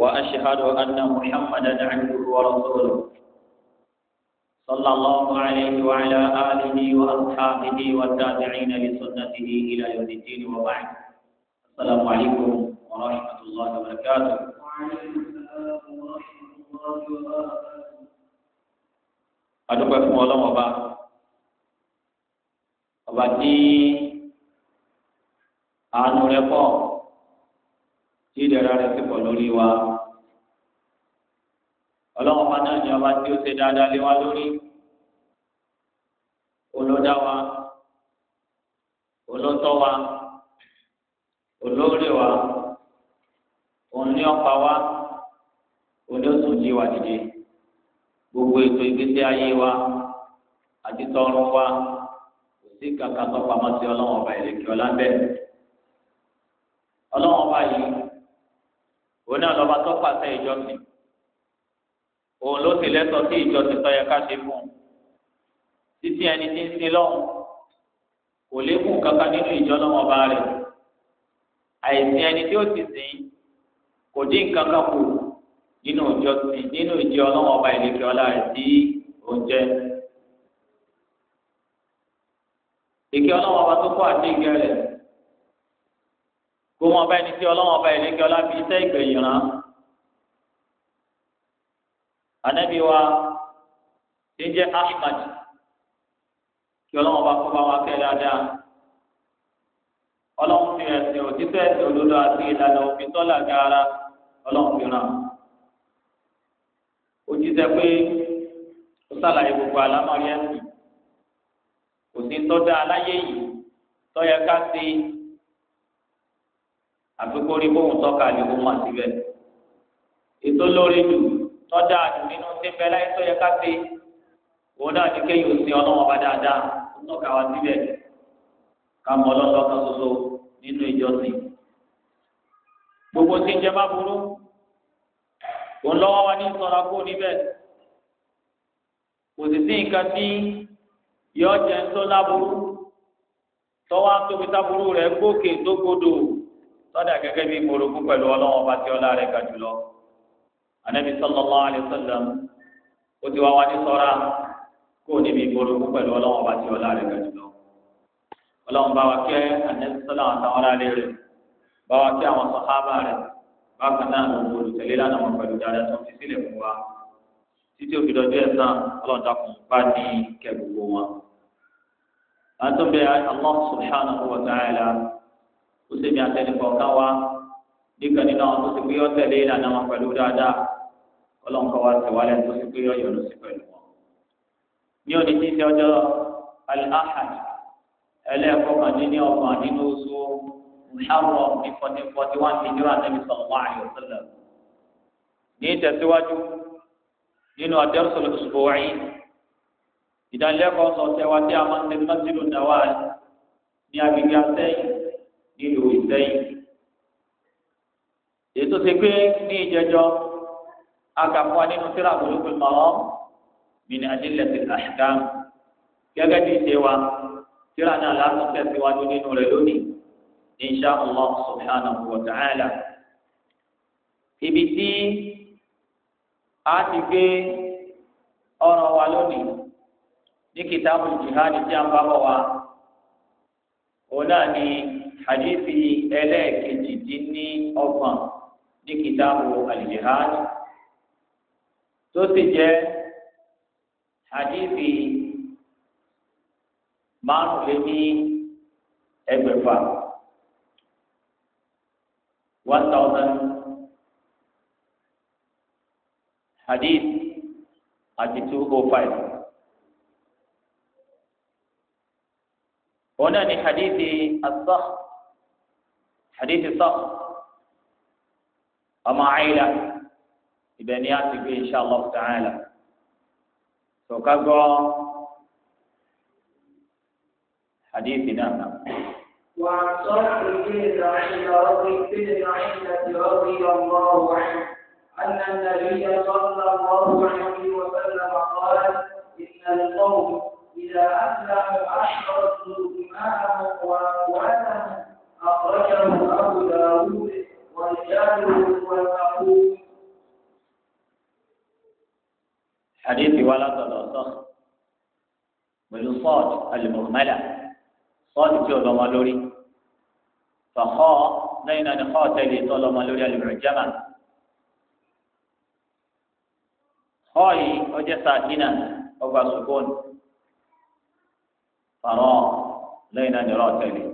وأشهد أن محمدا عبده ورسوله صلى الله عليه وعلى آله وأصحابه والتابعين لسنته إلى يوم الدين وبعد السلام عليكم ورحمة الله وبركاته adúpẹ́ fún ọlọ́run ọba ọba tí àánú rẹ̀ pọ̀ tí ìdẹ̀ra rẹ̀ ti pọ̀ lórí wa. ọlọ́run ọba náà ni ọba tí ó ṣe dáadáa lé wa lórí olódá wa olótọ́ wa olóore wa òun ní ọ̀pá wa òun ní oṣù jí wa dìde gbogbo ètò ìgbésí ayé wa àti tọrọ wa sí kàkà tó pamọ́ sí ọlọ́run ọba ìlẹ̀kẹ́ ọlá bẹ́ẹ̀ ọlọ́run ọba yìí òun náà lọ́ba tó pàṣẹ ìjọsìn òun ló sì lẹ́tọ̀ọ́ sí ìjọsìn tó yẹ ká ṣe fún un títí ẹni tí ń sin lọ́hùn kò lékún kankan nínú ìjọ náà ọba rẹ̀ àìsìn ẹni tí ó ti sìn kò dín kankan kù nínú ìjọ sìn nínú ìjọ ọlọ́wọ́n ọba ìlẹ́kẹ̀ ọlá rẹ̀ sí oúnjẹ. ìkẹ́ ọlọ́wọ́n ọba tó kọ́ àti ìkẹ́ rẹ̀. gbogbo ọba ẹni tí ọlọ́wọ́n ọba ẹni tí ọlá fi iṣẹ́ ìgbẹ̀yìn rán anabi wa ti jẹ́ ahmad kí ọlọ́wọ́n ọba kó bá wa kẹ́ dáadáa fi ẹ̀sìn òtítọ́ ẹ̀sìn àti ìlànà òfin tọ́lá gaara fi rán òjíṣẹ́ pé ó sàlàyé gbogbo àfikún orí bóun tọ́ka ni ó mà síbẹ̀. ètò lórí jù tọ́jà nínú tí ń bẹ láyé tó yẹ ká ṣe òun náà ní kéyìn òsìn ọlọ́wọ́n bá dáadáa ó tọ́ka wá síbẹ̀ ká mọ ọlọ́dọ́ kan ṣoṣo nínú ìjọsìn. gbogbo tí ń jẹ má burú òun lọ́wọ́ wa ní sọ̀rọ̀ kó níbẹ̀ kò sì sí nǹkan tí yọ jẹ́ ń tó láburú tọ́wọ́ á tóbi táburú rẹ̀ gòkè tó gbodò tọ́jà gẹ́gẹ́ bí ìmọ̀rọ̀kú pẹ̀lú ọlọ́wọ́n bá ti ọlá rẹ̀ ga jùlọ. anabi sallallahu alayhi wa sallam ó ti wá wá ní sọ́ra kó níbi ìmọ̀rọ̀kú pẹ̀lú ọlọ́wọ́n bá ti ọlá rẹ̀ ga jùlọ. ọlọ́wọ́n bá wa kẹ́ anabi sallallahu àtàwọn ará rẹ̀ bá wa kẹ́ àwọn sàhábà rẹ̀ bákan náà gbogbo olùtẹ̀lé lánàá wọn pẹ̀lú dáadáa tó fi sílẹ̀ fún wa títí òfin dọjọ́ ẹ̀sán ọlọ́run dákun bá ní kẹ́ gbogbo wọn. àtúnbẹ̀ Allah kó sèmi àtẹnìkọ̀ọ̀kan wa díkan nínú àwọn tó ti pé ọ̀tẹ̀lé ìlànà wọn pẹ̀lú dáadáa ọlọ́nkọ́ wa ti wálẹ̀ tó ti pé ọ̀yọ́ ló sì pẹ̀lú wọn. ní òní tí ti ọjọ́ al-ahad ẹlẹ́ẹ̀kọ́kàndínní ọgbọ̀n nínú oṣù muharram ní fourteen forty one hijira nabi sallallahu alayhi wa sallam. ní ìtẹ̀síwájú nínú ad-darsul ìdánilẹ́kọ̀ọ́ sọ̀tẹ̀ wa tí a máa ń tẹ́ mọ́sílù náwà ní agbègbè àtẹ́yìn sẹ́yìn ètò ti pé ní ìjẹjọ akàfọ́ nínú tíra Bulughul Maram min adillatil ahkam gẹ́gẹ́ bí ṣe wa tíra náà láti tẹ̀síwájú nínú rẹ̀ lónìí insha allah subhanahu wa ta'ala ibi tí a ti gbé ọ̀rọ̀ wa lónìí ní kìtàbù jihad tí a ń bá bọ̀ wá òun náà ni hadithi ẹlẹ́ẹ̀kejì dín ní ọgbọ̀n ní kitabu al-jihad tó sì jẹ́ hadithi márùnléní ẹgbẹ̀fà one thousand hadith àti two oh five. هنا حديث الصخر حديث صف أما عيلة يأتي إبنياتي إن شاء الله تعالى سوكاغو حديثنا وعن صاحب الجن عند رضي بن عينة رضي الله عنه أن النبي صلى الله عليه وسلم قال إن القوم إذا أسلموا أشركوا دماءهم وأموالهم أخرجه أبو داود وجابر والحقوق حديث ولد الأصخ بالصاد المهملة صاد في الضمالوري فخاء لين أن خاتلي طال مالوري المعجمة خاي أجا ساكنة أو سكون فرا نين أن تلي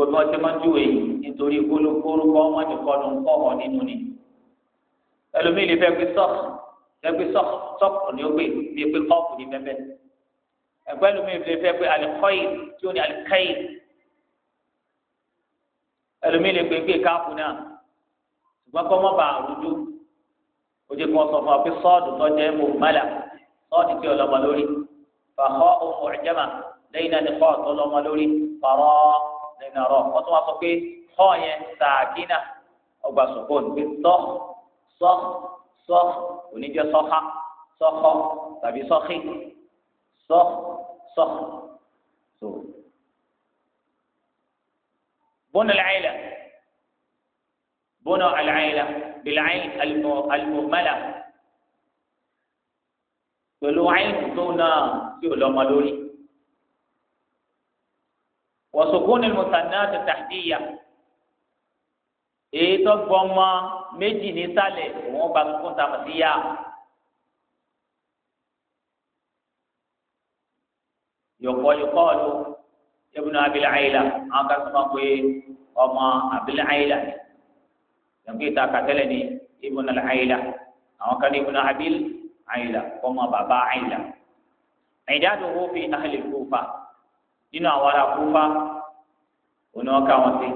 gbogbo bí wọn ti máa ń júwe nítorí gbólókórúkọ wọn ti kọ́ ló ń kọ́ ọ nínú ni ẹlòmíì lè fẹ́ pé sọ́ọ̀kì fẹ́ pé sọ́ọ̀kì sọ́ọ̀kì ni ó gbé bíi pé kọ́ọ̀kù ní bẹ́ẹ̀ bẹ́ẹ̀ ẹlòmíì lè fẹ́ pé alikọ́yì tí ó ní alikẹ́yì ẹlòmíì lè gbé káàpù náà ṣùgbọ́n kọ́ mọ́ba àrùjú ó jẹ́ kí wọ́n sọ fún wa pé sọ́ọ̀dù tó jẹ́ mọ̀ mọ́là sọ́ọ̀dù tí ọlọ́mọ lórí fàkọ́ ohun ọ̀jẹ̀mà lẹ́yìn náà ni kọ́ọ̀tù ọlọ́mọ lórí pàrọ́ nínú ọ̀rọ̀ wọ́n tún wá sọ pé họ yẹn sàkínà ọgbà sọ̀kọ́ nígbè sọ sọ sọ oníjẹ sọ́ha sọ́kọ́ tàbí sọ́kì sọ sọ so. بنى العيلة بنى العيلة بالعين المهملة pẹ̀lú àyìn tó náà tí ò lọ́mọ lórí wọ̀sùnkún ni mùsànà ti tàdíyà èyí tó gbọmọ méjì nísàlẹ̀ wọn bá sùkún tàmù síyà. yọkọ yọkọ ọlọ ibùdó abilẹ ayila àwọn kan sọ ma pé ọmọ abilẹ ayila ni yọkọ ìta kàtẹlẹ ni ibùdó ayila àwọn kan ní ibùdó abil ayila ọmọ bàbá ayila. ìdádòwò fi ahli Kúfà nínú àwọn ará kúfà òní wọn ká wọn sí.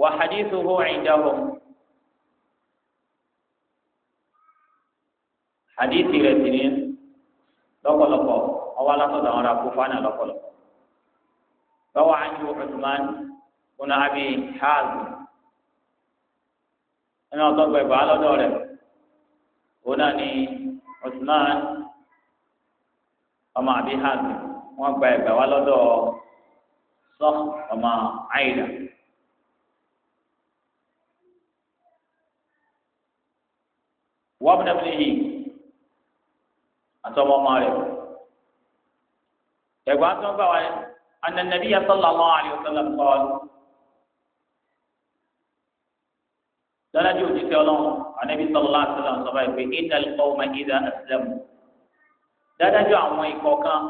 wà hadithuhu indahum hadithi rẹ̀ sì ní lọ́pọ̀lọpọ̀ ọwọ́ alásọ̀dọ̀ àwọn ará kúfà náà lọ́pọ̀lọpọ̀. روى عنه عثمان بن أبي حازم أنا أطلب على دوره هنا عثمان ọmọ àbí hàzì wọn gba ẹgbẹ́ wa lọ́dọ̀ sọ ọmọ àyìnlá. wọ́n bẹ̀rẹ̀ bẹ̀rẹ̀ yìí àtọwọ́ ọmọ rẹ̀ ẹ̀gbọ́n tó ń gbà wáyé ananabi ya sallallahu alayhi wa sallam kọ́ọ̀lù dáadáa ju òjijì ọlọ́run anabi sallallahu alayhi wa sallam sọ báyìí pé ìdàlùkọ́ ọmọ ìdá asilamu dádájọ àwọn ikọ̀ kan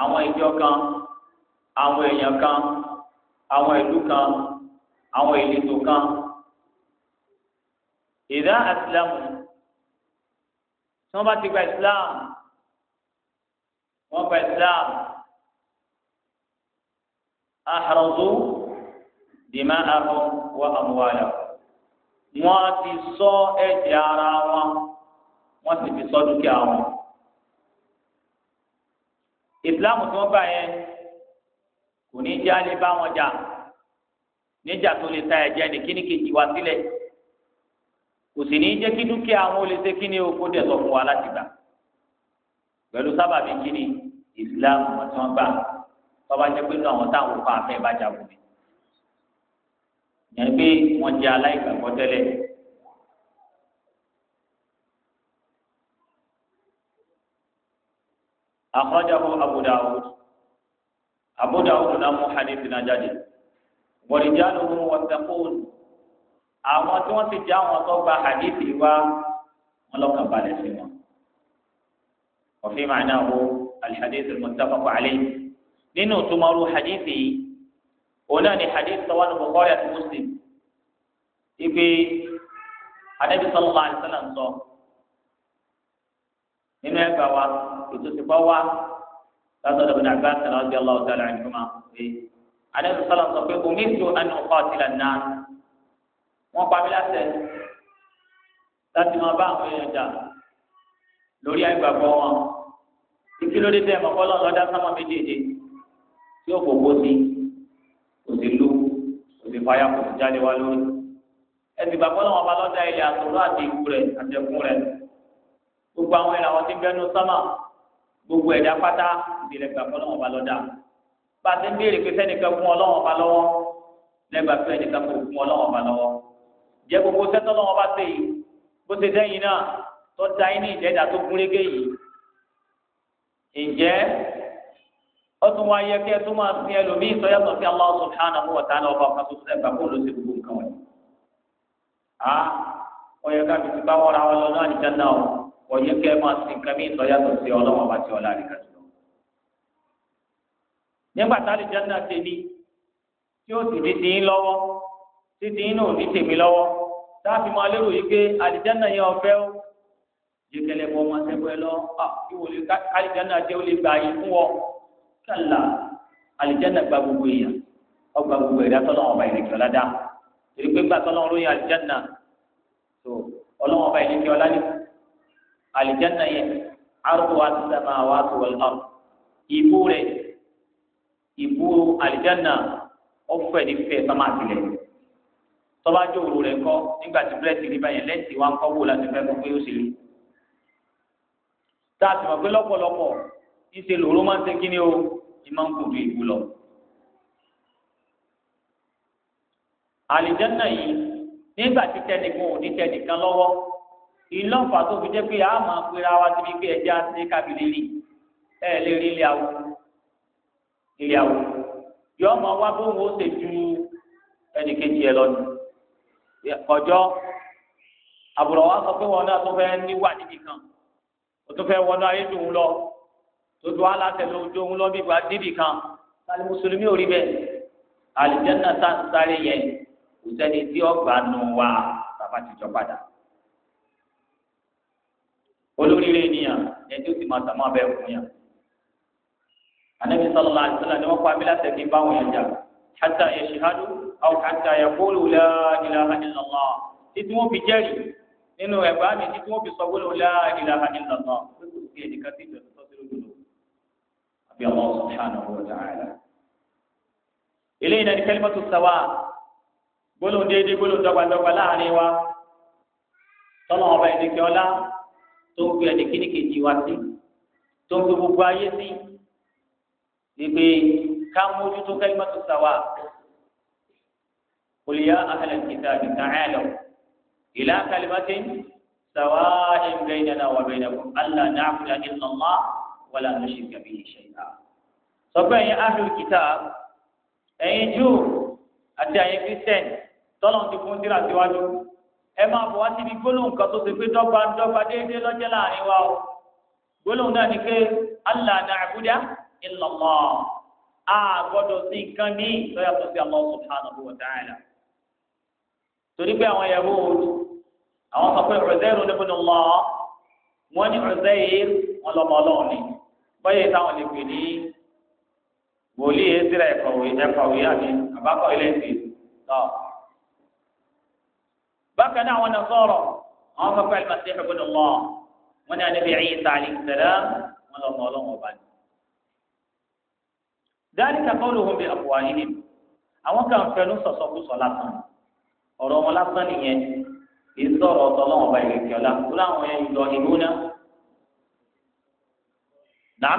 àwọn ìjọ kan àwọn èèyàn kan àwọn ìlú kan àwọn ìletò kan ìdá àsìlámù tí wọ́n bá ti gba ìsìlámù wọ́n gba ìsìlámù ahrazu dima'ahum wa amwalahum wọ́n ti ṣọ́ ẹ̀jẹ̀ ara wọn wọ́n sì fi ṣọ́ dúkìá wọn ìsìláàmù tí wọ́n bá yẹn kò ní já lè bá wọn jà níjà tó lè ta ẹ̀jẹ̀ ní kíní kejì wá sílẹ̀ kò sì ní jẹ́ kí dúkìá àwọn olè ṣe kíní o kó dẹ̀ sọ fún wa láti gbà pẹ̀lú sábàbí kíní ìsìláàmù wọn tí wọ́n gbà tọ́ba jẹ́ pé àwọn táwọn kọ́ afẹ́ bá jà wọ́n ni. yẹn pé wọ́n jẹ́ aláìgbàgbọ́ akhrajahu abu dawud abu dawud náà mú hadith náà jáde warijaluhu wattaqun àwọn tí wọ́n ti jẹ́ àwọn tó gba hadith wa wọn lọ́kàn balẹ̀ sí wọn. wa fi ma'nahu alhadith almuttafaq alayhi nínú tumaru hadith yìí òun náà ni hadith sọ́wọ́n bukhari àti muslim ibi anabi sallallahu alayhi wa sallam sọ nínú ẹgbàá wa ètò ìsìnkú wa látọ̀dọ̀ bin Abbas radiyallahu ta'ala anhuma pé alẹ́sùn sọ́lá sọ pé omi tó ẹnu ọkọ̀ àtìlá náà wọ́n pa mí láṣẹ láti máa bá àwọn èèyàn jà lórí àgbàgbọ́ wọn ìkí lórí tẹ̀ mọ́kọ́ lọ́n lọ́dá sámọ́ méjèèjì tí ó gbogbo sí kò sí lu kò sí fàyà kò sí jáde wá lórí ẹsì gbàgbọ́ lọ́wọ́ ọba lọ́dá ilẹ̀ àtòrò àti ikú rẹ̀ àtẹ̀kùn rẹ̀ gbogbo àwọn ìràwọ̀ tí bẹnu sámà gbogbo ẹ̀dá pátá ìbílẹ̀ gbà fún ọlọ́wọ́n ba lọ́dà bá a ti ń béèrè pé sẹ́nìkan fún ọlọ́wọ́n ba lọ́wọ́ lẹ́gbàá pé ẹnìkan kò fún ọlọ́wọ́n ba lọ́wọ́ jẹ́ gbogbo sẹ́tọ́ lọ́wọ́ bá ṣe yìí bó ṣe dẹ́yìn náà tó da yín ní ìdẹ́dà tó gúnrégé yìí ǹjẹ́ ó tún wá yẹ kí ẹ tún máa sin ẹlòmíì sọ yàtọ̀ sí Allah subhanahu wa ta'ala ọba ọ̀kan tó sẹ́gbà kó ló ṣe gbogbo nǹkan wọ̀nyí. a ó yẹ ọ̀yẹ́ kẹ́ máa sin kẹ́mí ìtọ́yàtọ̀ sí ọlọ́wọ́n bá ti ọ̀la àríkà jùlọ. nígbà táàlì jẹ́nà tèmi tí ó sì ní ti ń lọ́wọ́ tí ti ń nù ní tèmi lọ́wọ́ táàfì máa lérò yìí pé àlìjẹ́nà yẹn ọ̀fẹ́ ó jẹ́kẹ́lẹ́ bọ́ máa sẹ́gbẹ́ lọ ìwòlè àlìjẹ́nà jẹ́ ó lè gbà yín fún ọ kàlà àlìjẹ́nà gba gbogbo èèyàn ọgbà gbogbo ẹ̀dá tọ́lọ́wọ́n ọba àlìjáná yẹn arúgbó wa ti sábà wá tó wọlé náà ìbú rẹ ìbú àlìjáná ọ̀fẹ́ ní fẹ́ sọ́mà tilẹ̀ tọ́ba jó òru rẹ̀ kọ́ nígbà tí búrẹ́dì rí báyẹn lẹ́sìn wa ń kọ́ wò láti fẹ́ kó pé ó sì rí tá a sì mọ̀ pé lọ́pọ̀lọpọ̀ ìṣe o ìmọ̀ ń kò ju ìbú lọ. àlìjáná nígbà tí tẹnìkan ò ní tẹnìkan lọ́wọ́ ìlọ́nfà tó fi jẹ́ pé a máa pera wa síbi pé ẹja ṣe kábìlì rí ẹ lè rí ilé awo ilé awo yọọ máa wá bó wo ṣe ju ẹnì kejì ẹ lọ ni ọjọ́ àbúrò wa sọ pé wọn náà tó fẹ́ níwà níbi kan o tó fẹ́ wọnú ayé dùn ún lọ tó tó aláṣẹ ló dùn ún lọ bí ìgbà níbi kan sálí mùsùlùmí ò rí bẹ́ẹ̀ àlìjẹ́ náà sáré yẹn kò sẹ́ni tí ọgbà nù wá tàbá ti jọ padà olóríire ènìyàn ẹni tó sì máa tàmọ́ abẹ́ fún yàn. anabi sallallahu alaihi wasallam ni wọ́n pa abilá tẹ̀kí báwọn yẹn jà hatta yashhadu aw hatta yaqulu la ilaha illallah títí wọ́n fi jẹ́rìí nínú ẹ̀bá mi títí wọ́n fi sọ gbólóhùn la ilaha illallah pé kò sí ẹnìkan tí ìjọba tó dúró dúró àbí Allah subhanahu wa náà ni tó ń gbé ẹni kíní kejì wá sí tó ń gbé gbogbo ayé sí ìgbé ká mójútó kalimatu sawa qul ya ahlal kitabi ta'alaw ila kalimatin sawa'in baynana wa baynakum alla na'buda illa Allah wa la nushrika bihi shay'a sọgbẹ́ yẹn ahlul kitab ẹ̀yin jù àti ẹ̀yin kristian tọ́lọ̀ ti fún tíra síwájú ẹ máa bọ̀ wá síbi gbólóhùn kan tó ṣe pé dọ́gba dọ́gba déédéé lọ́jẹ́ láàrin wa o gbólóhùn náà ni pé allah na'budu illa allah a gbọ́dọ̀ sí nǹkan ní lọ́yà tó fi allah subhanahu wa ta'ala torí pé àwọn ìyàwó àwọn sọ pé ọ̀zẹ́rù ní bùnú lọ wọ́n ní ọ̀zẹ́yìí wọn lọ́mọ ọlọ́run ni táwọn lè pè ní wòlíì ezra ẹ̀kọ̀wé ẹ̀kọ̀wé bákan náà àwọn nasọrọ àwọn kan fẹẹ pàṣẹ ìbùdó lọ wọn ní anabi ẹyìn sàlẹ ìṣẹlẹ wọn lọ mọ Ọlọ́run ọba ni. dáríkà kọ́ọ̀lù hùwẹ́ àbúwá yìí àwọn kan fẹnu sọsọkúsọ lásán ọ̀rọ̀ wọn lásán nìyẹn kì í sọ̀rọ̀ ọ̀tọ̀ Ọlọ́run ọba ìrètí ọlá kó láwọn yẹn lọ ìlú náà. nàám.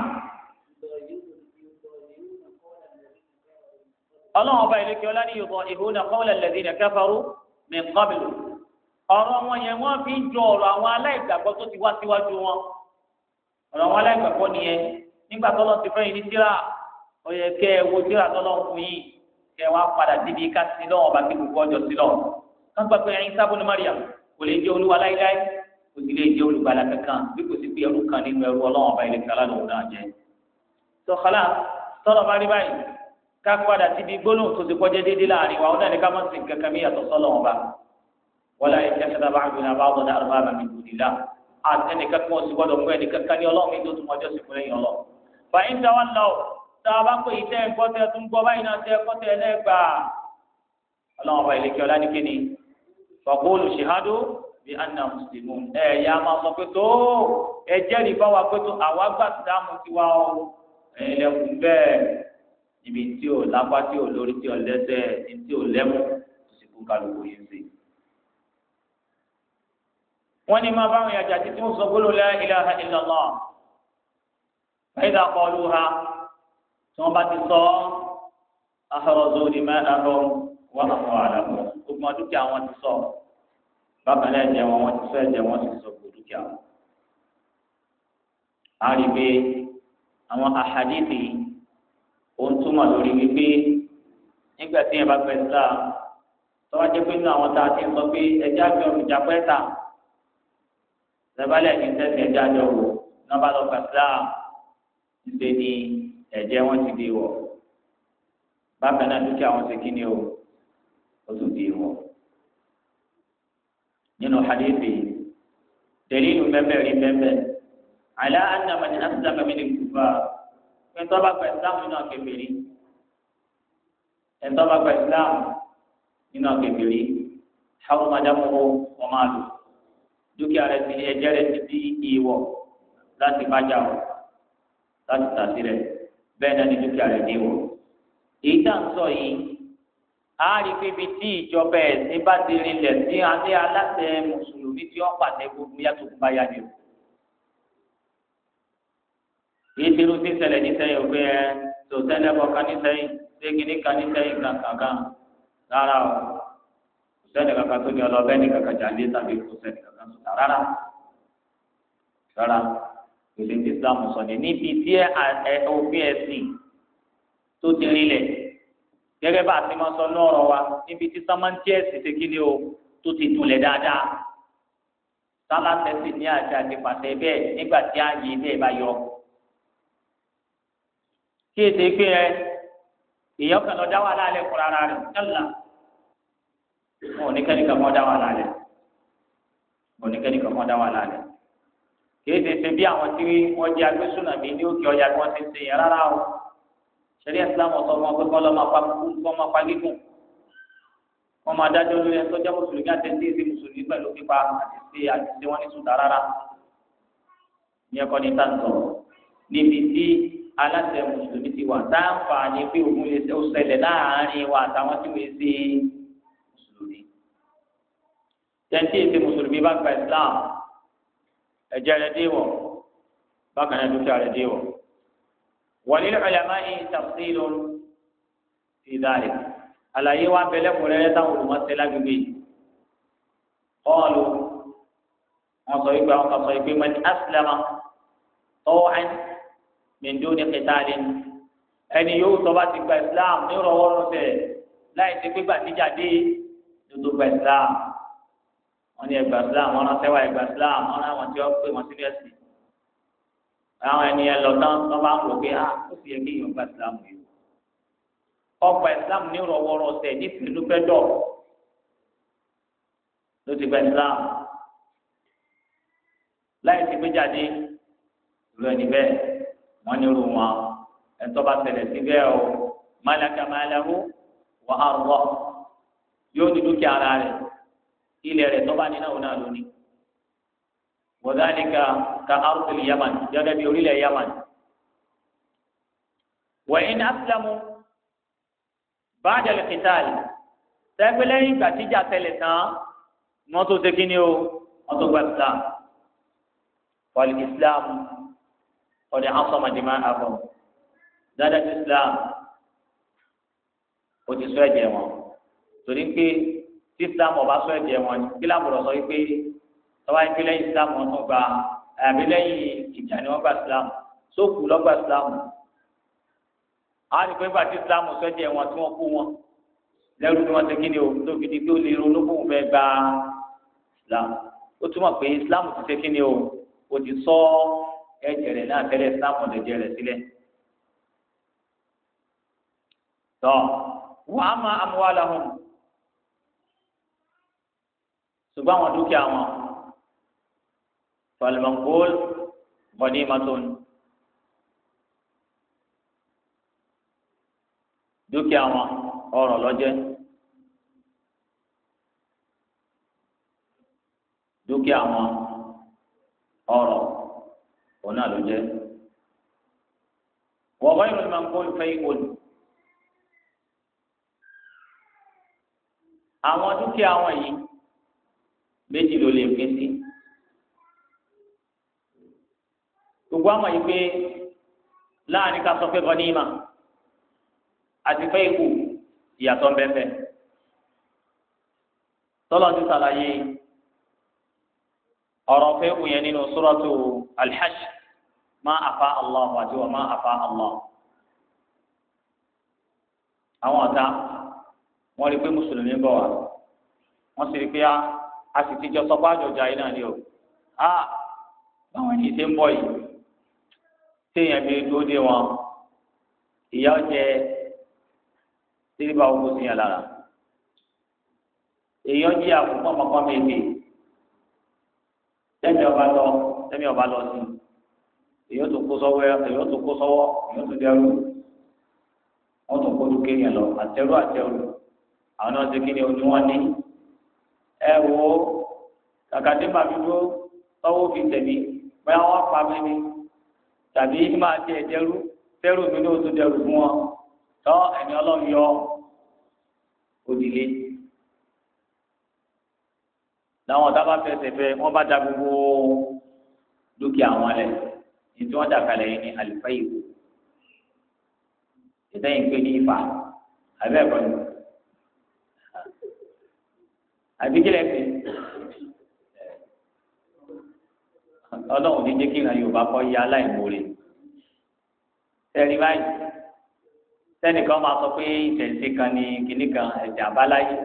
ọlọ́run ọba ìlú kí ọlá ní yorùbá ìhùn náà kọ́ọ̀lù ẹ̀lẹ́dínlẹ̀ kẹfàrú min qablu ọ̀rọ̀ wọn yẹn wọ́n fi ń jọ ọ̀rọ̀ àwọn aláìgbàgbọ́ tó ti wá síwájú wọn ọ̀rọ̀ àwọn aláìgbàgbọ́ nìyẹn nígbà tọ́lọ́ ti fẹ́ yín ní tíra ó yẹ kẹ́ ẹ wo tíra tọ́lọ́ fún yín kẹ́ ẹ wá padà síbi ká sí lọ́wọ́ ọba tí gbogbo ọjọ́ sí lọ́wọ́ ká gbà pé ẹyin sábọ́n Mariam kò lè jẹ́ olúwa láíláí kò sì lè jẹ́ olùgbàlà kankan bí kò sí pé ẹrú kan nínú ẹrú ọlọ́wọ́n ọba ilẹ̀ kan lánàá náà jẹ́ tọ́kálá tọ́lọ́ bá rí báyìí ká padà síbi gbólóhùn tó ti kọjá déédéé láàrin wa ó náà ní bá wọ́lá ìjẹ́kẹ́ta bá àgbẹ̀ náà bá wọ́n dá àrùbá àmì ìdílá àtẹnìkan kan sì gbọ́dọ̀ mú ẹnìkankan ní ọlọ́run ní tó tún ọjọ́ sí fún lẹ́yìn ọlọ́run. báyìí ń ta wá lọ tá a bá pè yí tẹ́ ẹ̀ gbọ́ tẹ́ ẹ tún gbọ́ báyìí náà tẹ́ ẹ kọ́ tẹ́ ẹ lẹ́gbà. ọlọ́run ọba ìlẹ́kẹ́ ọlá ní kíni fọ̀kóòlù ṣèhádó bí anna mùsùlùmù ẹ̀ yà máa sọ pé tó ẹ jẹ́rìí bá wa pé tó àwa gbà sílámù ti wá ọ ẹ̀ẹ́dẹ́kùn bẹ́ẹ̀ níbi tí ò lápá tí ò lórí tí ò lẹ́sẹ̀ tí ò lẹ́mú tó sì kú kálukú yìí sí i wọ́n ní máa báwọn yàjà títí wọ́n sọ gbólóhùn la ilaha illallah ẹ̀dá kọlu ha tí wọ́n bá ti sọ ahọ́rọ̀zọ́ ni máa ahọ́ wà fọ́ àlàbọ̀ gbogbo wọn dúkìá wọn ti sọ bákan náà ẹ̀jẹ̀ wọn wọn ti sọ ẹ̀jẹ̀ wọn ti sọ gbogbo dúkìá wọn. a rí i pé àwọn àhàdìsì ohun túmọ̀ lórí wípé nígbà tí yẹn bá fẹ́ sílá tọ́wọ́ pé nínú àwọn tá a ti sọ pé ẹ̀jẹ̀ àgbẹ̀ òrùjà pẹ́ta lẹ́bàálẹ̀ ní sẹ́sìn ẹ̀jẹ̀ àjọ wò nọ́bà lọ pàṣẹ ṣe ni ẹ̀jẹ̀ wọn ti di wọ̀ bákan náà dúkìá wọn ti kíni o ó tún di wọ̀ nínú hadithi dalilu bẹ́ẹ̀ rí bẹ́ẹ̀ àlá ànàmọ́ ní asílámù mi ní kúfà ẹ̀ńtọ́ bá gba ìsìlámù nínú àkèbèrè ẹ̀ńtọ́ bá gba ìsìlámù nínú àkèbèrè ṣàwọn máa dámọ̀ máa lò dúkìá rẹ ti ẹ̀jẹ̀ rẹ ti di ìwọ láti bájà o láti tàsí rẹ náà ni dúkìá rẹ di ìwọ. èyí tá à ń sọ yìí a rí pé ibi tí ìjọba ẹ̀sìn bá ti rinlẹ̀ sí alẹ́ aláṣẹ mùsùlùmí tí wọ́n pàṣẹ gbogbo yàtọ̀ fún báyà ni o. èyí ti rú sí ṣẹlẹ̀ ní sẹ́yìn òpin ẹ̀ tòtẹ́lẹ̀ kọ̀ọ̀kan ní sẹ́yìn ṣé kìnnìkan ní sẹ́yìn kankan rárá o lọ́dọ̀ kankan tó ní ọlọ́bẹ́ ní kankan jáde tàbí kò sẹ́ni kankan tó ta rárá rárá pèsè Islam sọ ni níbi tí òfin ẹ̀sìn tó ti rinlẹ̀ gẹ́gẹ́ bá a ti máa sọ ní ọ̀rọ̀ wa níbi tí sámántí ẹ̀sìn ti kí ni o tó ti dunlẹ̀ dáadáa sábà tẹ̀sí ní àti àtìpàtẹ bẹ́ẹ̀ nígbà tí ààyè bẹ́ẹ̀ bá yọ. kí ètè pé ẹ èèyàn kan lọ dá wàhálà lẹ́kùn rárá ńlá wọn ò ní kẹ́nìkan kan dá wà lálẹ́ wọn ò ní kẹ́nìkan kan dá wà lálẹ́ kì í ṣe ṣe bí àwọn tí wọ́n jẹ́ agbésùnà bíi ní òkè ọjà tí wọ́n ti ṣe yẹn rárá o ṣẹlẹ islam ọ̀tọ̀ ọmọ pé kọ́lọ́ máa pa kúkú kọ́ máa pa gígùn wọ́n máa dájọ́ lórí ẹ̀ sọ́jà mùsùlùmí àtẹ̀sí èsì mùsùlùmí pẹ̀lú pípa àti ṣe àti ṣe ní sùdà rárá ní ẹ̀kọ́ ní tàǹtọ̀ níbi tí aláṣẹ mùsùlùmí ti wà táǹfà pé òun lè ṣe ó ṣẹlẹ̀ láàárín wa àtàwọn tí wọ́n ṣe tẹ́ntì èsì mùsùlùmí bá gba islam ẹ̀jẹ̀ rẹ̀ dé wọ̀ bákan náà dúkìá rẹ̀ dé wọ̀. walil ulama'i tafsilun fi dhalik àlàyé wa bẹ̀lẹ̀ kúrẹ́ rẹ̀ táwọn olùmọ̀ọ́sẹ̀ lágbègbè qalu wọn sọ ìgbà wọn sọ ìgbà man aslama taw'an min duni qitalin ẹni yóò sọ bá ti gba islam ní rọwọ́rọ́sẹ̀ láì sí pé gbàdíjà dé lótó gba islam wọn ní ẹgbà islam wọn rántẹwà ẹgbà islam wọn ráwọn tí wọn pè wọn síbẹ̀ sí àwọn ènìyàn lọ tán wọn bá ń wò pé a kò sí ẹgbẹ́ yìí ọgbà islam yìí ọgbà islam ní rọwọrọsẹ ní ìlú pẹdọ ló ti gba islam láì ti gbéjáde ìlú ẹni bẹ́ẹ̀ wọn ní irú wọn ẹ̀tọ́ bá tẹ́lẹ̀ síbẹ̀ o málàkà máa lẹwọ wàhálà yóò ní dúkìá ara rẹ̀ ilẹ̀ rẹ̀ tọ́ba ní náà náà lónìí. wọ́dánìkà ka arúgbìlì yaman gẹ́gẹ́ bí orílẹ̀ yaman. wẹ̀yìn asilamu bájẹ̀lì kìtàlì sẹ́gbẹ́lẹ́yìn ìgbà tíjà tẹ̀lé tán wọ́n tó ṣe kí ni o wọ́n tó gba islam. wàlí islam ọ̀dẹ̀ asọ̀mọ̀dìmá àbọ̀ dáadáa ti islam ó ti sọ ẹ̀jẹ̀ wọn torí pé tí islam ọba sọ ẹ̀jẹ̀ wọn ni kí lábọ̀rọ̀ sọ wípé tọ́wá yín pé lẹ́yìn islam wọn tún gba àbí lẹ́yìn ìjà ni wọ́n gba islam sókù lọ́gbà islam á ní pé bàtí islam sọ ẹ̀jẹ̀ wọn tí wọ́n kú wọn lẹ́rú ni wọ́n ti kíni o tó di pé ó lè ronú fún gba islam ó túmọ̀ pé islam ti ṣe kíni o ó ti sọ ẹ̀jẹ̀ rẹ̀ náà tẹ́lẹ̀ islam ọ̀dẹ̀jẹ̀ rẹ̀ sílẹ̀ tọ́ wàá máa amúhálà hàn ṣùgbọ́n àwọn dúkìá wọn falimankol bọ́dímátón dúkìá wọn ọrọ̀ lọ́jẹ́ dúkìá wọn ọrọ̀ òun náà lọ́jẹ́ wọ́n bá ìròyìn máa ń kó ìfẹ́ ìwò ni. àwọn dúkìá wọn yìí méjì ló lè pín sí. gbogbo àmọ́ yìí pé láàrin ká sọ pé bọ́ ní ìmà àti pé ikú ìyàtọ̀ ń bẹ́ẹ̀ bẹ́ẹ̀ tọ́lọ́ ti sàlàyé ọ̀rọ̀ pé kù yẹn nínú sọ́rọ́tù alḥash má afa allah àti wà má afa allah. àwọn ọ̀tá wọ́n rí pé mùsùlùmí bọ̀ wá wọ́n sì rí pé á. Ah, a sì ti jọ sọpá àjọjà yìí náà ni o a báwọn ènìyàn ṣe ń bọ̀ yìí téèyàn fi dúró dé wọn ìyá jẹ tíríba ogun sí yàn lára èyí ọjí àpò pọ́npọ́n méje tẹ́mi ọba lọ tẹ́mi ọba lọ sí èyí ó kó sọ́wọ́ èyí ó kó sọ́wọ́ èyí ó dẹrú wọ́n tún kó dúkẹ́ yẹn lọ àtẹrú àtẹrú àwọn náà ṣe kí ni ojú wọn ní ẹ wò ó kàkà tí màmí dúró tọ́wọ́ fi tẹ̀mí bóyá wọ́n pa mí ni tàbí máa tẹ ẹ̀dẹ́rú tẹ́rù mi ní oṣù dẹrù fún wọn tọ́ ẹ̀mí ọlọ́run yọ òdìlé làwọn ọ̀tá bá fẹsẹ̀ fẹ wọ́n bá da gbogbo dúkìá wọn lẹ̀ ní tí wọ́n dà kalẹ̀ yìí ní àlùfáà yìí ìtẹ́yìn pé ní ìfà àbẹ́ ẹ̀kọ́ ni àbí kí lẹ fi ọlọ́run ní jẹ́ kí ìran yorùbá kọ́ ya aláìmoore tẹ́lẹ̀ báyìí sẹ́nìkan máa sọ pé ìtẹ̀sí kan ní kinní kan ẹ̀jẹ̀ àbáláyé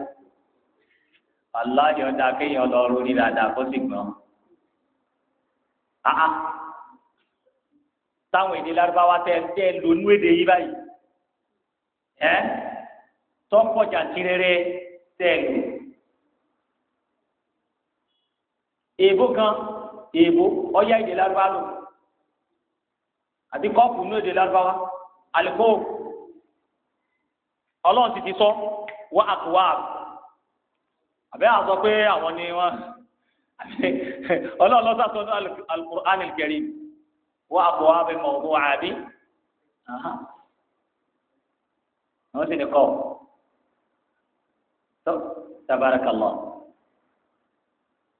aláàjọ dáa kéèyàn lọ ronú dáadáa kó sì gbọ́n àá táwọn èdè lárúbáwá tẹ tẹ lónú èdè yìí báyìí ẹ tọ́pọ̀ jàǹtí rere tẹ lò. èèbó kan èèbó ọyá èdè lárúbáwá lò àti kọ́ọ̀pù ní èdè lárúbáwá àlùkò ọlọ́run ti ti sọ wọ́n àtúwà àbẹ́ àsọ pé àwọn ni wọ́n ọlọ́run lọ́sà sọ ní alukur'an al-karim wọ́n àtúwà bẹ́ẹ̀ mọ̀ àbí wọ́n sì ní kọ́ tabarakallah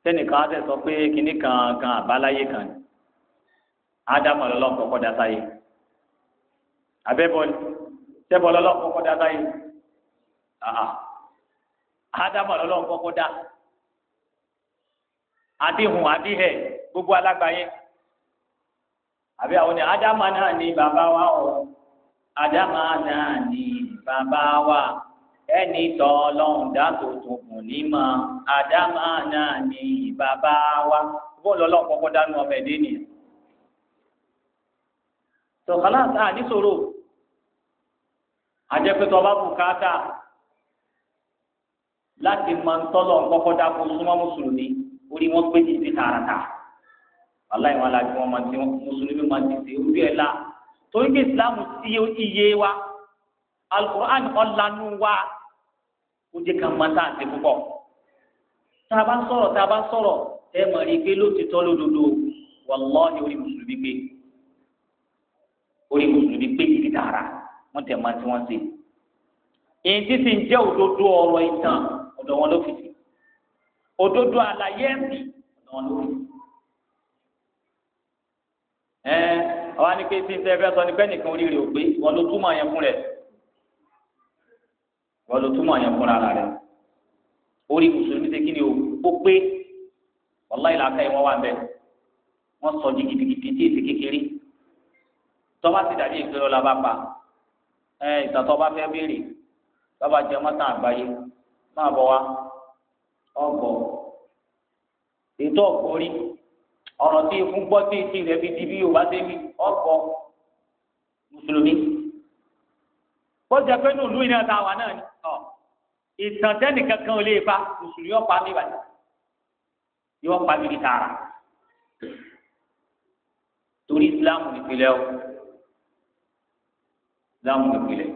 sẹ́nìkan á tẹ̀ sọ pé kinní kan kan àbáláyé kan ni ádámù ọlọ́lọ́ kọ́kọ́ dá sáyé abẹ́bọ́lì sẹ́bọ̀ ọlọ́lọ́ kọ́kọ́ dá sáyé ádámù ọlọ́lọ́ kọ́kọ́ dá adihun adihẹ gbogbo alágbáyé àbí àwọn ni ádámù náà ni bàbá wa ọ̀ ádámù náà ni bàbá wa ẹni tọ́ ọlọ́run dátò tuntun ní mọ́ àdámà náà ni bàbá wa bó lọ́lọ́ kọ́kọ́ dánú ọmọ ẹ̀dẹ́ nìyẹn. tọ́kálá sáà níṣòro àjẹpẹ́tọ́ bá bùkátà láti máa ń tọ́lọ̀ kọ́kọ́ dáko súnmọ́ mùsùlùmí orí wọn pé títí tààràtà aláìwọ alájú wọn máa ti wọn mùsùlùmí máa ti ṣe orí ẹ̀ la torí pé ìsìlámù sí iye wa alukur'an ọ̀lànú wa ó jẹ́ ká máa tàǹtí púpọ̀ tá a bá sọ̀rọ̀ tá a bá sọ̀rọ̀ ẹ mọ̀ rí i pé lótìtọ́ lódodo wàlọ́ọ̀ni orí mùsùlùmí pé orí mùsùlùmí pé ìdí dára wọ́n tẹ̀ máa tí wọ́n ṣe. èyí tí sì ń jẹ́ òdodo ọ̀rọ̀ ìtàn ọ̀dọ̀ wọn ló fi sí òdodo àlàyé ẹ̀sìn ọ̀dọ̀ wọn ló fi sí. ẹ ọ̀hán ni pé tí ń tẹ́ fẹ́ sọ ni pé nìkan oríire ò pé wọn ló túmọ̀ yẹn fún rẹ̀ wọ́n lọ túmọ̀ yẹn fúnra rẹ̀ orí mùsùlùmí ṣe kí ni o ó pé wàláyé làákà yẹn wọ́n wà bẹ́ẹ̀ wọ́n sọ di gidigidi tí èsì kékeré tọ́ba ti dàbí ìpè ọ̀la bá pa ẹ ìtàtọ́ bá fẹ́ béèrè bàbá jẹ mọ́tà àgbáyé máa bọ̀ wá ọ̀bọ̀ ètò ọ̀gbọ́rí ọ̀rọ̀ tí ikú gbọ́ tí ìtì rẹ̀ fi di bí Yorùbá débi ọ̀bọ̀ mùsùlùmí bó jẹ pé nùlú iná ta wà náà ni ọ ìtàn tẹnìkan kan ò lè fa mùsùlùmí ọ̀pá mi bàjẹ́ yóò pa mi ní tààrà torí ìsìláàmù nípìnlẹ̀ o ìsìláàmù nípìnlẹ̀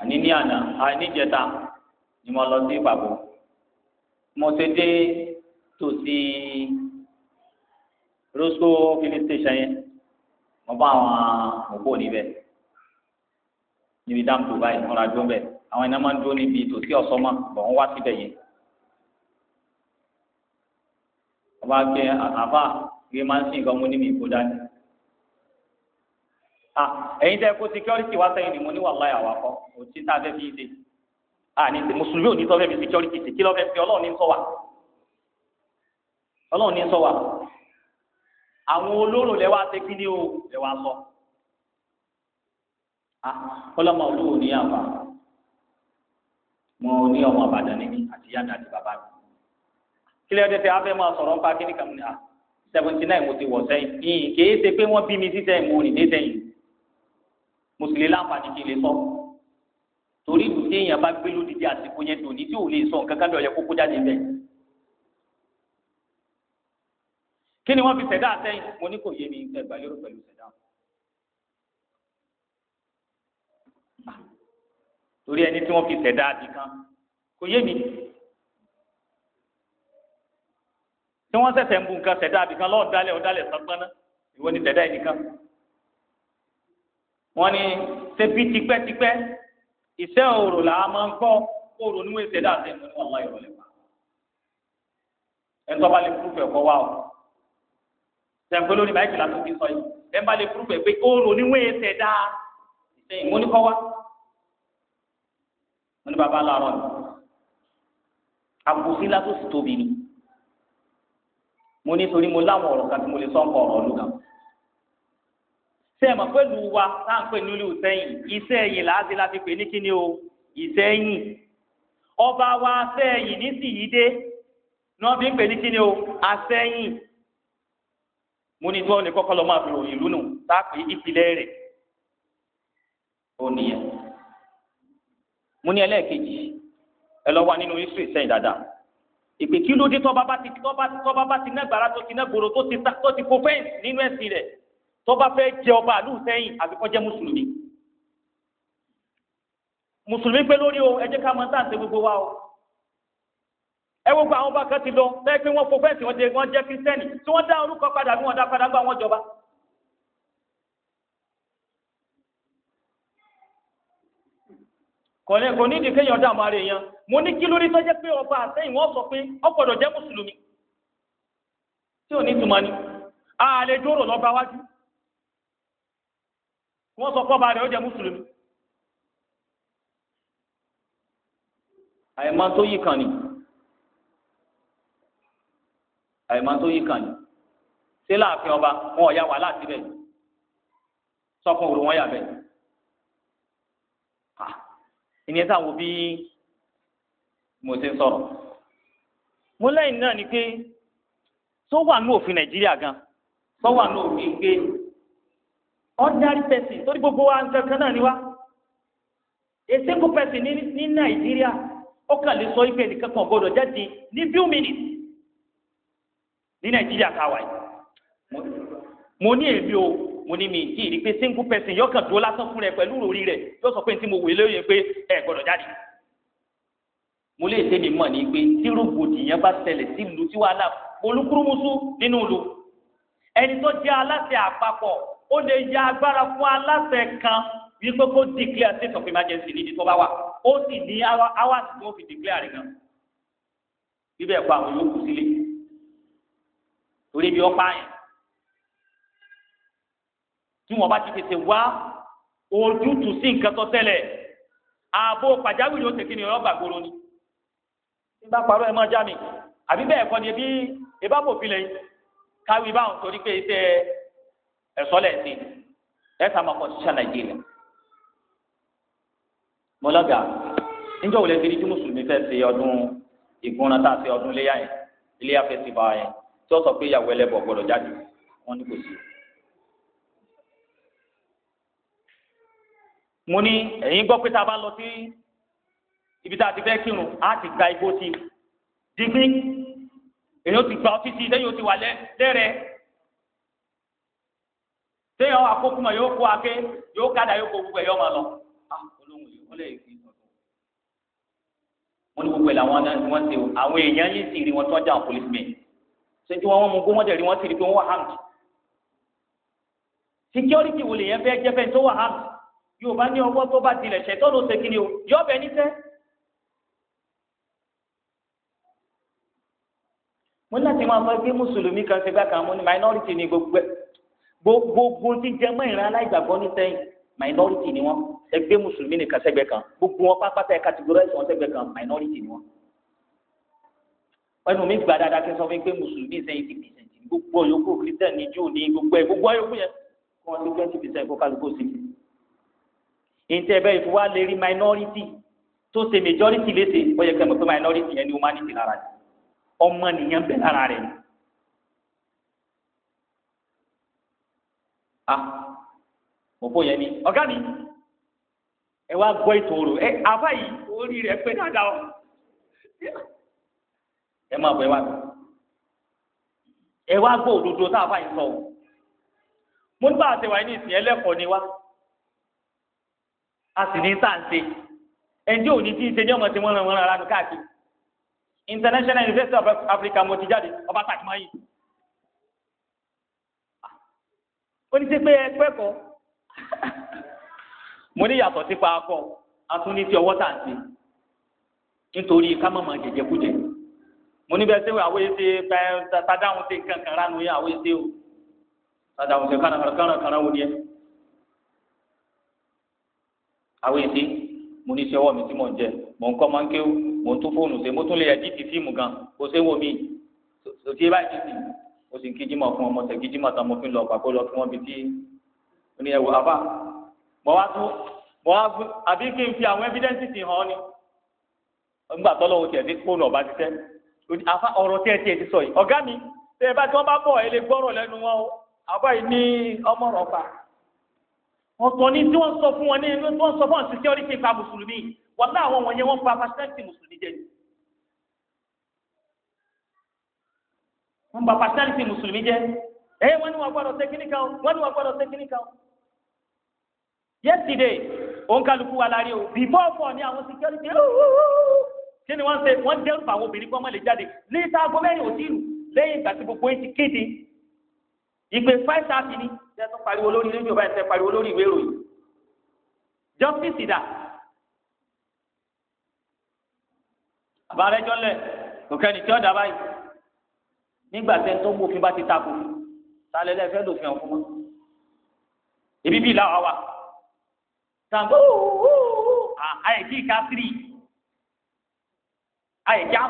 àní ní àná àní jẹta ni mo lọ sí ìpàgọ́ mo ti dé tòsí rosco filling station yẹn wọn bá àwọn òpó níbẹ̀ níbi dáàmú tó báyìí wọn ra dúró bẹ́ẹ̀ àwọn iná máa ń dúró níbi tòsí ọ̀sọ́mọ́ bọ̀ wọ́n wá síbẹ̀ yẹn. wọ́n bá gbé àbá gbé máa ń sìn nǹkan mú ní mi kó dání. à ẹ̀yin tẹ́ kó security wá sẹ́yìn ni mo ní wàhálà àwọn akọ òtí tá a fẹ́ fi ṣe. à ní mùsùlùmí ò ní sọ fẹ́ fi security ṣe kí lọ́ọ́ fẹ́ fi ọlọ́run ní sọ wà. ọlọ́run ní sọ wà àwọn olóró lẹ́wọ́ àtẹ́kí ni ó lẹ́wọ́ ah, lọ. ọlọ́mọ olówó ní àbá mo ní ọmọ àbàdàn ní mi àti yáda àti bàbá mi. kílẹ̀ ọdẹ tẹ afẹ́ máa sọ̀rọ̀ nípa kíní kan ní à ah, seventy nine mo ti wọ̀ sẹ́yìn ìyìn kìí ṣe pé wọ́n bí mi sí sẹ́yìn mo rìn dé sẹ́yìn mo sì lè láǹfààní kí n lè sọ torí ìbùsí èèyàn bá gbé lódìdí àsìkò yẹn tòní tí ò lè sọ nǹkan kan bí ọ̀yẹ́ kókó jáde bẹ́ẹ̀. kí ni wọ́n fi ṣẹ̀dá àtẹ́yìn mo ní kò yé mi nǹkan ẹgbàá lérò pẹ̀lú ṣẹ̀dá. Ah. torí ẹni tí wọ́n fi ṣẹ̀dá àti kan kò yé mi. tí wọ́n ṣẹ̀ṣẹ̀ ń bu nǹkan ṣẹ̀dá àbí kan lọ́ọ̀ dálẹ̀ ọ̀dálẹ̀ sọ́gbọ́n náà ìwọ ni ṣẹ̀dá ẹnìkan. wọ́n ní ṣe bí tipẹ́tipẹ́ ìṣe òrò làá máa ń gbọ́ òrò níwèé ṣẹ̀dá àtẹ̀yìn wọn ni wọ́n láyọ̀ lẹ́pa. ẹ̀ tọ́ bá lè fúrufẹ̀ kọ́ wá o sẹ̀ǹkó lórí báyìí kìlá tó fi sọ yìí bẹ́ẹ̀ bá lè fún bẹ̀ pé ó rò níwọ̀n ẹsẹ̀ dáa ìsẹ̀yìn mo ní kọ́ wá mo ní bàbá làárọ̀ ni àbùsí látó sì tóbi ni mo ní torí mo láwọn ọ̀rọ̀ kan tí mo lè sọ ń kọ ọ̀rọ̀ ọ̀lú kan sẹ́ẹ̀mọ̀ pẹ̀lú wa tá à ń pè nílùú sẹ́yìn iṣẹ́ ẹ̀yìn láti láti pè ní kíni o ìsẹ́yìn ọba wa sẹ́yìn nísìnyí dé ní wọ́n fi ń pè ní kíni o asẹ́yìn mo ní tí wọ́n lè kọ́kọ́ lọ máa fi ròyìn lónà táàpì ìpìlẹ̀ rẹ̀ ó nìyẹn mo ní ẹlẹ́ẹ̀kejì ẹ lọ wà nínú history sẹ́yìn dáadáa ìpè kí ló dé tọ́ba bá ti tọ́ba tọ́ba bá ti nẹ́gbàrá tó ti nẹ́gbòrò tó ti tó ti kó fẹ́ǹsì nínú ẹ̀sìn rẹ̀ tọ́ba fẹ́ jẹ ọba àlù sẹ́yìn àfikọ́ jẹ́ mùsùlùmí mùsùlùmí pé lórí o ẹ jẹ́ ká mọ táǹtẹ̀ gbogbo wa o. ẹ wo gba àwọn bá kan ti lọ bẹ́ẹ̀ pé wọ́n fọwọ́ wọn jẹ wọ́n jẹ́ kírísítẹ́nì tí wọ́n dá orúkọ padà bí wọ́n dá padà gbà wọ́n jọba. kọ̀ọ̀lẹ́ kò ní ìdí kéèyàn dààmú ara èèyàn mo ní kí lórí tó jẹ́ pé ọba àtẹ̀yìn wọ́n sọ pé ọ gbọ́dọ̀ jẹ́ mùsùlùmí tí ò ní ìtumọ̀ ni lọ́ba sọ rẹ̀ ó jẹ́ mùsùlùmí àyẹ̀mọ́ tó yí kan àyèmọ tó yí kàn ní ọba wọn ò wà láti bẹ sọkún òru wọn yà bẹ ah, ìyẹn bí mo ti ń sọ̀rọ̀ mo náà ni pé tó wà gan tó wà ní òfin pé ordinary person torí gbogbo wa ni a sọ ife nìkan kan jáde ní nàìjíríà káwa yìí mo ní èmi o mo ní mi kí ìrí pé single person yóò kàn dúró lásán fún rẹ pẹ̀lú òrí rẹ yóò sọ pé tí mo wò lóye pé ẹ gbọ́dọ̀ jáde. mo lè tẹ́ mi mọ̀ ní pé tí rògbòdìyàn bá ṣẹlẹ̀ sí ìlú tí wàhálà olúkúrúmuṣu nínú ìlú ẹni tó jẹ́ aláṣẹ àpapọ̀ ó lè ya agbára fún aláṣẹ kan wípé kó declare state of emergency níbi tó bá wà ó sì ní hours tó fi declare rẹ̀ gan. bíbẹ̀ pa àwọn yòókù sílé torí bí ọ̀pá yẹn tí wọ́n bá ti tètè wá ojútùú sí nǹkan tó tẹ́lẹ̀ ààbò pàjáwìrì ó tètè ní ọ̀rọ̀ gbàgbóró ni bí bá parọ́ ẹ̀ máa já mi àbí bẹ́ẹ̀ kọ́ ni ebi ìbábò fi lẹ́yìn káwí báwọn torí pé iṣẹ́ ẹ̀sọ́ lẹ̀ sí ẹ̀sà máa kọ́ ṣiṣẹ́ nàìjíríà mọ́lọ́gà níjọ́ wo lẹ́sìn tí mùsùlùmí fẹ́ ṣe ọdún ìgbóná tá a ṣe ọdún iléyà yẹn iléyà fẹ́ ṣe bá yẹn tí wọ́n sọ pé ìyàwó ẹlẹ́bọ̀ gbọ́dọ̀ jáde wọ́n ní kò sí. mo ní ẹ̀yin gbọ́ pé tá a bá lọ sí ibi tá a ti fẹ́ kírun á ti gba igbó sí i dígbí èyàn ti gba ọtí sí i lẹ́yìn o ti wà lẹ́rẹ̀ẹ́ téèyàn wà mọ̀ yóò kó aké yóò kádà yóò kó gbogbo ẹ̀ yóò máa lọ. Ah, wọ́n ní gbogbo ẹ̀ làwọn náà wọ́n ti àwọn èèyàn yìí sì rí wọn tó ọjà àwọn policemen ṣètò wọn mú kó wọn dẹ̀rí wọn ti rí pé wọn wà hàmd security wò lè yẹn fẹ́ jẹ́ fẹ́ tó wà hàmd yóò bá ní ọwọ́ tó bá tilẹ̀ ṣẹ̀ tọ́nu ṣe kíni o yọ ọbẹ̀ níṣẹ́. mo ní láti máa fọ pé mùsùlùmí kan ṣe bákan mo ní minority ni gbogbo gbogbo tí jẹ mọ́ ìran aláìgbàgbọ́ ní sẹ́yìn minority ni wọ́n ẹgbẹ́ mùsùlùmí nìkan sẹ́gbẹ́ kan gbogbo wọn pápátá ẹ̀ categorize wọn sẹ́gbẹ́ kan minority ni wọ́n ẹnu mi gba dáadáa kí n sọ fún mi pé mùsùlùmí sẹ́yìn ti pèsè ní gbogbo yòókù kristian ní júù ní gbogbo ẹ̀ gbogbo yòókù yẹn kí wọ́n ti twenty percent kó kálukú sí i. ètò ẹ̀bẹ̀ ìfowó lè rí minority tó ṣe majority léṣe ó yẹ kí ẹ mọ̀ pé minority yẹn ni humanity lára rẹ̀ ọmọ nìyẹn bẹ̀ lára rẹ̀ ni. a òpó yẹn ni ọ̀gá mi ẹ wá gbọ́ ètò òru ẹ àbá yìí orí rẹ̀ pé dáadáa ẹ máa bọ̀ ẹ wá gbọ́ ẹ wá gbọ́ òdodo tá a fà yín sọ o mo ní bá a ṣe wáyé ní ìsìn ẹlẹ́kọ̀ọ́ ni wá a sì ní sáǹsì ẹnjẹ́ òní tí ń ṣe ní ọmọ tí wọ́n rán wọn rárá káàkiri International University of Africa mo ti jáde ọba tàkìmọ́ yìí ó ní sí pé ẹ pẹ́kọ̀ọ́ mo ní yàtọ̀ sípa akọ atún ti ọwọ́ tàǹsì nítorí ká má máa jẹjẹ kújẹ mo ní bẹ́ẹ̀ sẹ́wọ̀n àwọn èsè tadáhùn sí kankan ránu yẹn àwọn èsè o tadáhùn sí kankan kankan ránu yẹn àwọn èsè mo ní sẹ́wọ̀n mi tí mò ń jẹ mò ń kọ́ máa ń kéwò mò ń tún fóònù ṣe mo tún lè yàjí ti fíìmù gan kó sẹ́wọ̀n mi sòtí ẹ báyìí ti o sì ń kí jimá fún ọmọ tẹ kí jimá tán mo fi lọ pàkó lọ kí wọn bi tí o ní ẹwọ àbá mo wá tún mo wá fún àbí kí n fi àwọn evidence ti hàn ọ́ ni nígbà tọ́lọ́wọ́ tiẹ̀ dé fóònù ọ̀bá Afa ọ̀rọ̀ tí ẹ tiẹ̀ ti sọ yìí ọ̀gá mi tẹ ẹ bá tí wọ́n bá bọ̀ ẹ lè gbọ́rọ̀ lẹ́nu wọn o àbá yìí ní ọmọ rọ̀ pa ọ̀tọ̀ ni tí wọ́n sọ fún wọn ní tí wọ́n sọ fún wọn sísẹ́ orí ti pa mùsùlùmí wọ́n náà àwọn wọ̀nyẹn wọ́n pa pàṣẹ́ǹtì mùsùlùmí jẹ ni. wọ́n pa pàṣẹ́ǹtì mùsùlùmí jẹ ẹ wọ́n ní wọ́n gbọ́dọ̀ ṣe kíní kan wọ́n ní wọ́n gbọ́dọ̀ ṣe kíní yesterday òǹkàlùkù wa lárí o before four ni àwọn security kí ni wọ́n ṣe wọ́n dẹ́rù àwọn obìnrin kọ́ mọ́ lè jáde ní sáàgó mẹ́rin ò tíì lẹ́yìn ìgbà tí gbogbo yín ti kéde ìpè five thirty ni ṣe tún pariwo lórí rédíò báyìí ṣe pariwo lórí ìwé ìròyìn justice dà àbárẹ́jọ́ lẹ̀ kò kẹ́ni tí ó dà báyìí nígbà tẹ́ tó mú òfin bá ti takò sálẹ̀ lẹ́fẹ́ lòfin ọ̀fun mọ́ ibi bíi làwọn wà tàǹgbó àìkí ká three àìjá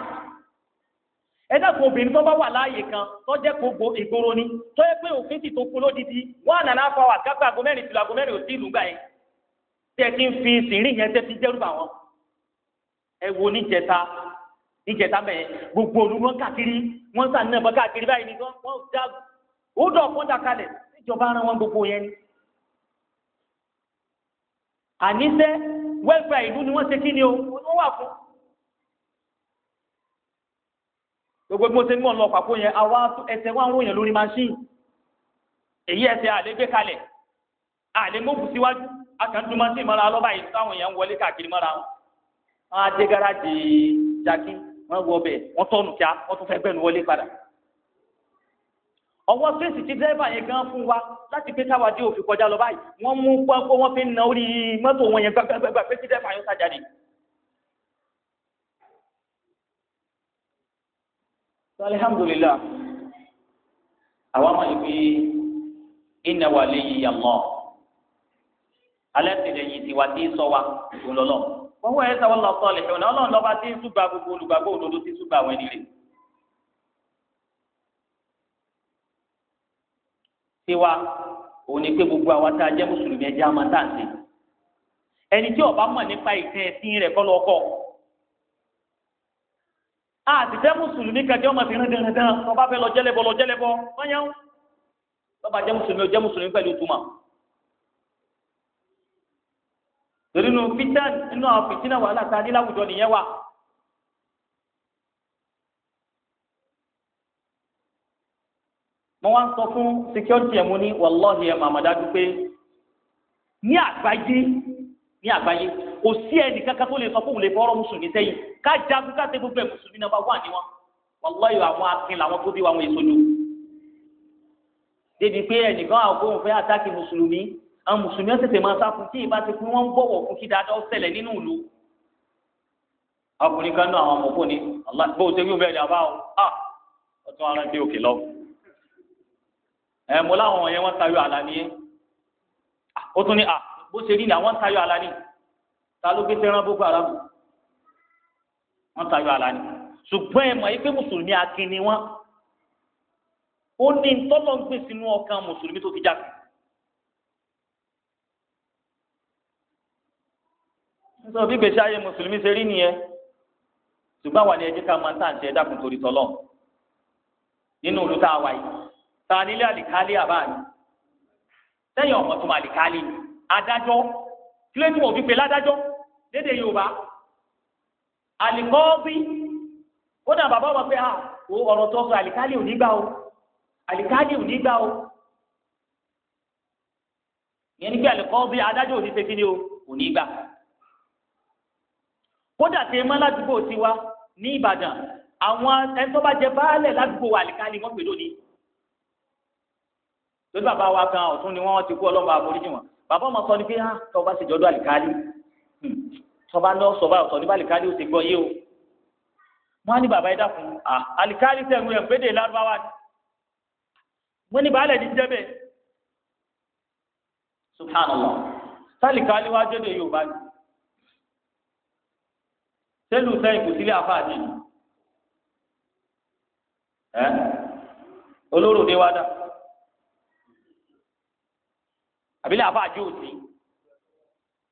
ẹ dákun obìnrin tó bá wà láàyè kan tó jẹ́ gbogbo ìgboro ni tó yẹ pé òfin sì tó kú lódìdí wọn àná náà fa wà kápẹ́ aago mẹ́rin tìlú aago mẹ́rin òsì ìlú gbà yẹn tẹ́ kí n fi sìnrìn yẹn tẹ́ fi dẹ́rùbà wọn ẹ wo níjẹta níjẹta bẹ́ẹ̀ gbogbo olú wọn káàkiri wọn sàn náà bọ́ káàkiri báyìí ni wọn dá ó dọ̀ kọ́ńdà kalẹ̀ níjọba ara wọn gbogbo yẹn ni àníṣe wẹ́gbà ìlú ni wọ́n ṣe kí ni o wọ́n wà fún gbogbo bí mo ṣe ń gbọ̀n lọ pàpọ̀ yẹn àwa ẹsẹ̀ wa ń ròyìn lórí machine èyí ẹsẹ̀ àlégbé kalẹ̀ àlémọ́kù síwájú akàndùn machine mọ́ra lọ́ba yìí táwọn èèyàn ń wọlé káàkiri mọ́ra wọn. wọn á dé gáràjì jaki wọn wọ ọbẹ̀ wọn tọ́nu kíá wọn tún fẹ́ gbẹ̀nu wọlé padà. ọwọ́ fèsì tí dẹ́rẹ́bà yẹn gan fún wa láti pé táwa dé òfin kọjá lọ báyìí wọ́n mú pọ́npọ́n wọ́n fi ń na orí mọ́tò wọn yẹn gbàgbàgbà pé tí dẹ́rẹ́bà yẹn sá jáde tó alihamudulila àwọn ọmọ yìí fi iná wà léyìn yàmọ alẹ́ tẹ̀lé yìí tiwa ti sọ wa lọ́lọ́ wọ́n wọ́n ẹ̀sán wọn lọ sọ lẹ́sẹ̀ wọn gbogbo olùgbàgbọ́ òdodo tí ń súgbà àwọn ẹni ni gbogbo awa tá a jẹ́ mùsùlùmí ẹja máa tà ń tí ó bá mọ̀ nípa àtijọ́ mùsùlùmí kan jẹ́ ọmọ sí rìn dandan tó bá fẹ́ lọ jẹ́lẹ́bọ lọ jẹ́lẹ́bọ wọ́nyẹ́wò tó bá jẹ́ mùsùlùmí jẹ́ mùsùlùmí pẹ̀lú túmọ̀. torí nu fitna inú àwọn fitna wàhálà tá a ní láwùjọ nìyẹn wà. mo wá ń sọ fún security ẹ̀ mo ní wàlọ́ọ̀hì ẹ̀ màmá dájú pé ní àgbáyé ní àgbáyé kò sí ẹnì kankan tó lè sọ fún òun lè fọ́rọ́ mùsùlùmí sẹ́yìn ká jagun ká tẹ gbogbo ẹ̀ mùsùlùmí náà bá wà ní wọn wàlúwàyò àwọn akin làwọn tó bí wa wọn èso ni o débi pé ẹnìkan àgbóhùn fẹ́ àtàkì mùsùlùmí àwọn mùsùlùmí ọ̀sẹ̀sẹ̀ máa sá fún kí ìbá ti fún wọn ń bọ̀wọ̀ fún kí dáadáa ó ṣẹlẹ̀ nínú ìlú ọkùnrin kan náà àwọn ọmọkùnrin ah! ah! ah! bó ṣe rí ni àwọn tayọ àlàní ta ló gbé tẹ́ran boko haram wọ́n tayọ àlá ni ṣùgbọ́n ẹ̀ mọ̀ yìí pé mùsùlùmí akin ni wọ́n ó ní tọ́lọ̀ ń gbé sínú ọkàn mùsùlùmí tó fi jáde. nítorí bí gbèsè ayé mùsùlùmí ṣe rí nìyẹn ṣùgbọ́n àwa ni ẹ jẹ́ ká máa ń tàǹtí ẹ dákun torí tọ́lọ̀ nínú olú tá a wà yìí nílé àlìkálí àbáàní sẹ́yìn ọ̀mọ̀tún àlìkálí adájọ́ kílódé tí wọ́n fi pe ládájọ́ lédè yorùbá àlìkọ́ọ́bí kódà bàbá wọn pé ọ̀rọ̀ tó sọ àlìkálì ò ní gbà o àlìkálì ò ní gbà o ìyẹn ní pé àlìkọ́ọ́bí adájọ́ ò ní ṣe kíni o ò ní gbà kódà tẹ mọ́ ládùúgbò tiwa ní ìbàdàn àwọn ẹni tó bá jẹ baálẹ̀ ládùúgbò àlìkálì wọ́n pè lónìí lórí bàbá wa kan ọ̀tún ni wọ́n ti kú ọlọ́mọ àforíjì wọn bàbá ọmọ sọ ni pé tọ́ bá ṣèjọ́dọ̀ alikali sọba lọ sọba ọ̀tọ̀ nípa alikali ó ti gbọ́ yé o wọn á ní bàbá yẹn dàkún à alikali tẹ̀ ń rẹ̀ pédè lárúbáwá ni wọn ní baálẹ̀ ti jẹ́ bẹ́ẹ̀ subhanallah sálìkali wá jẹ́ bẹ́ẹ̀ yóò bá yìí sẹ́lù sẹ́yìn kò sílé àfáàdì yìí ẹ́ olóró ni wá dá àbílẹ̀ àfáàdì ò sí.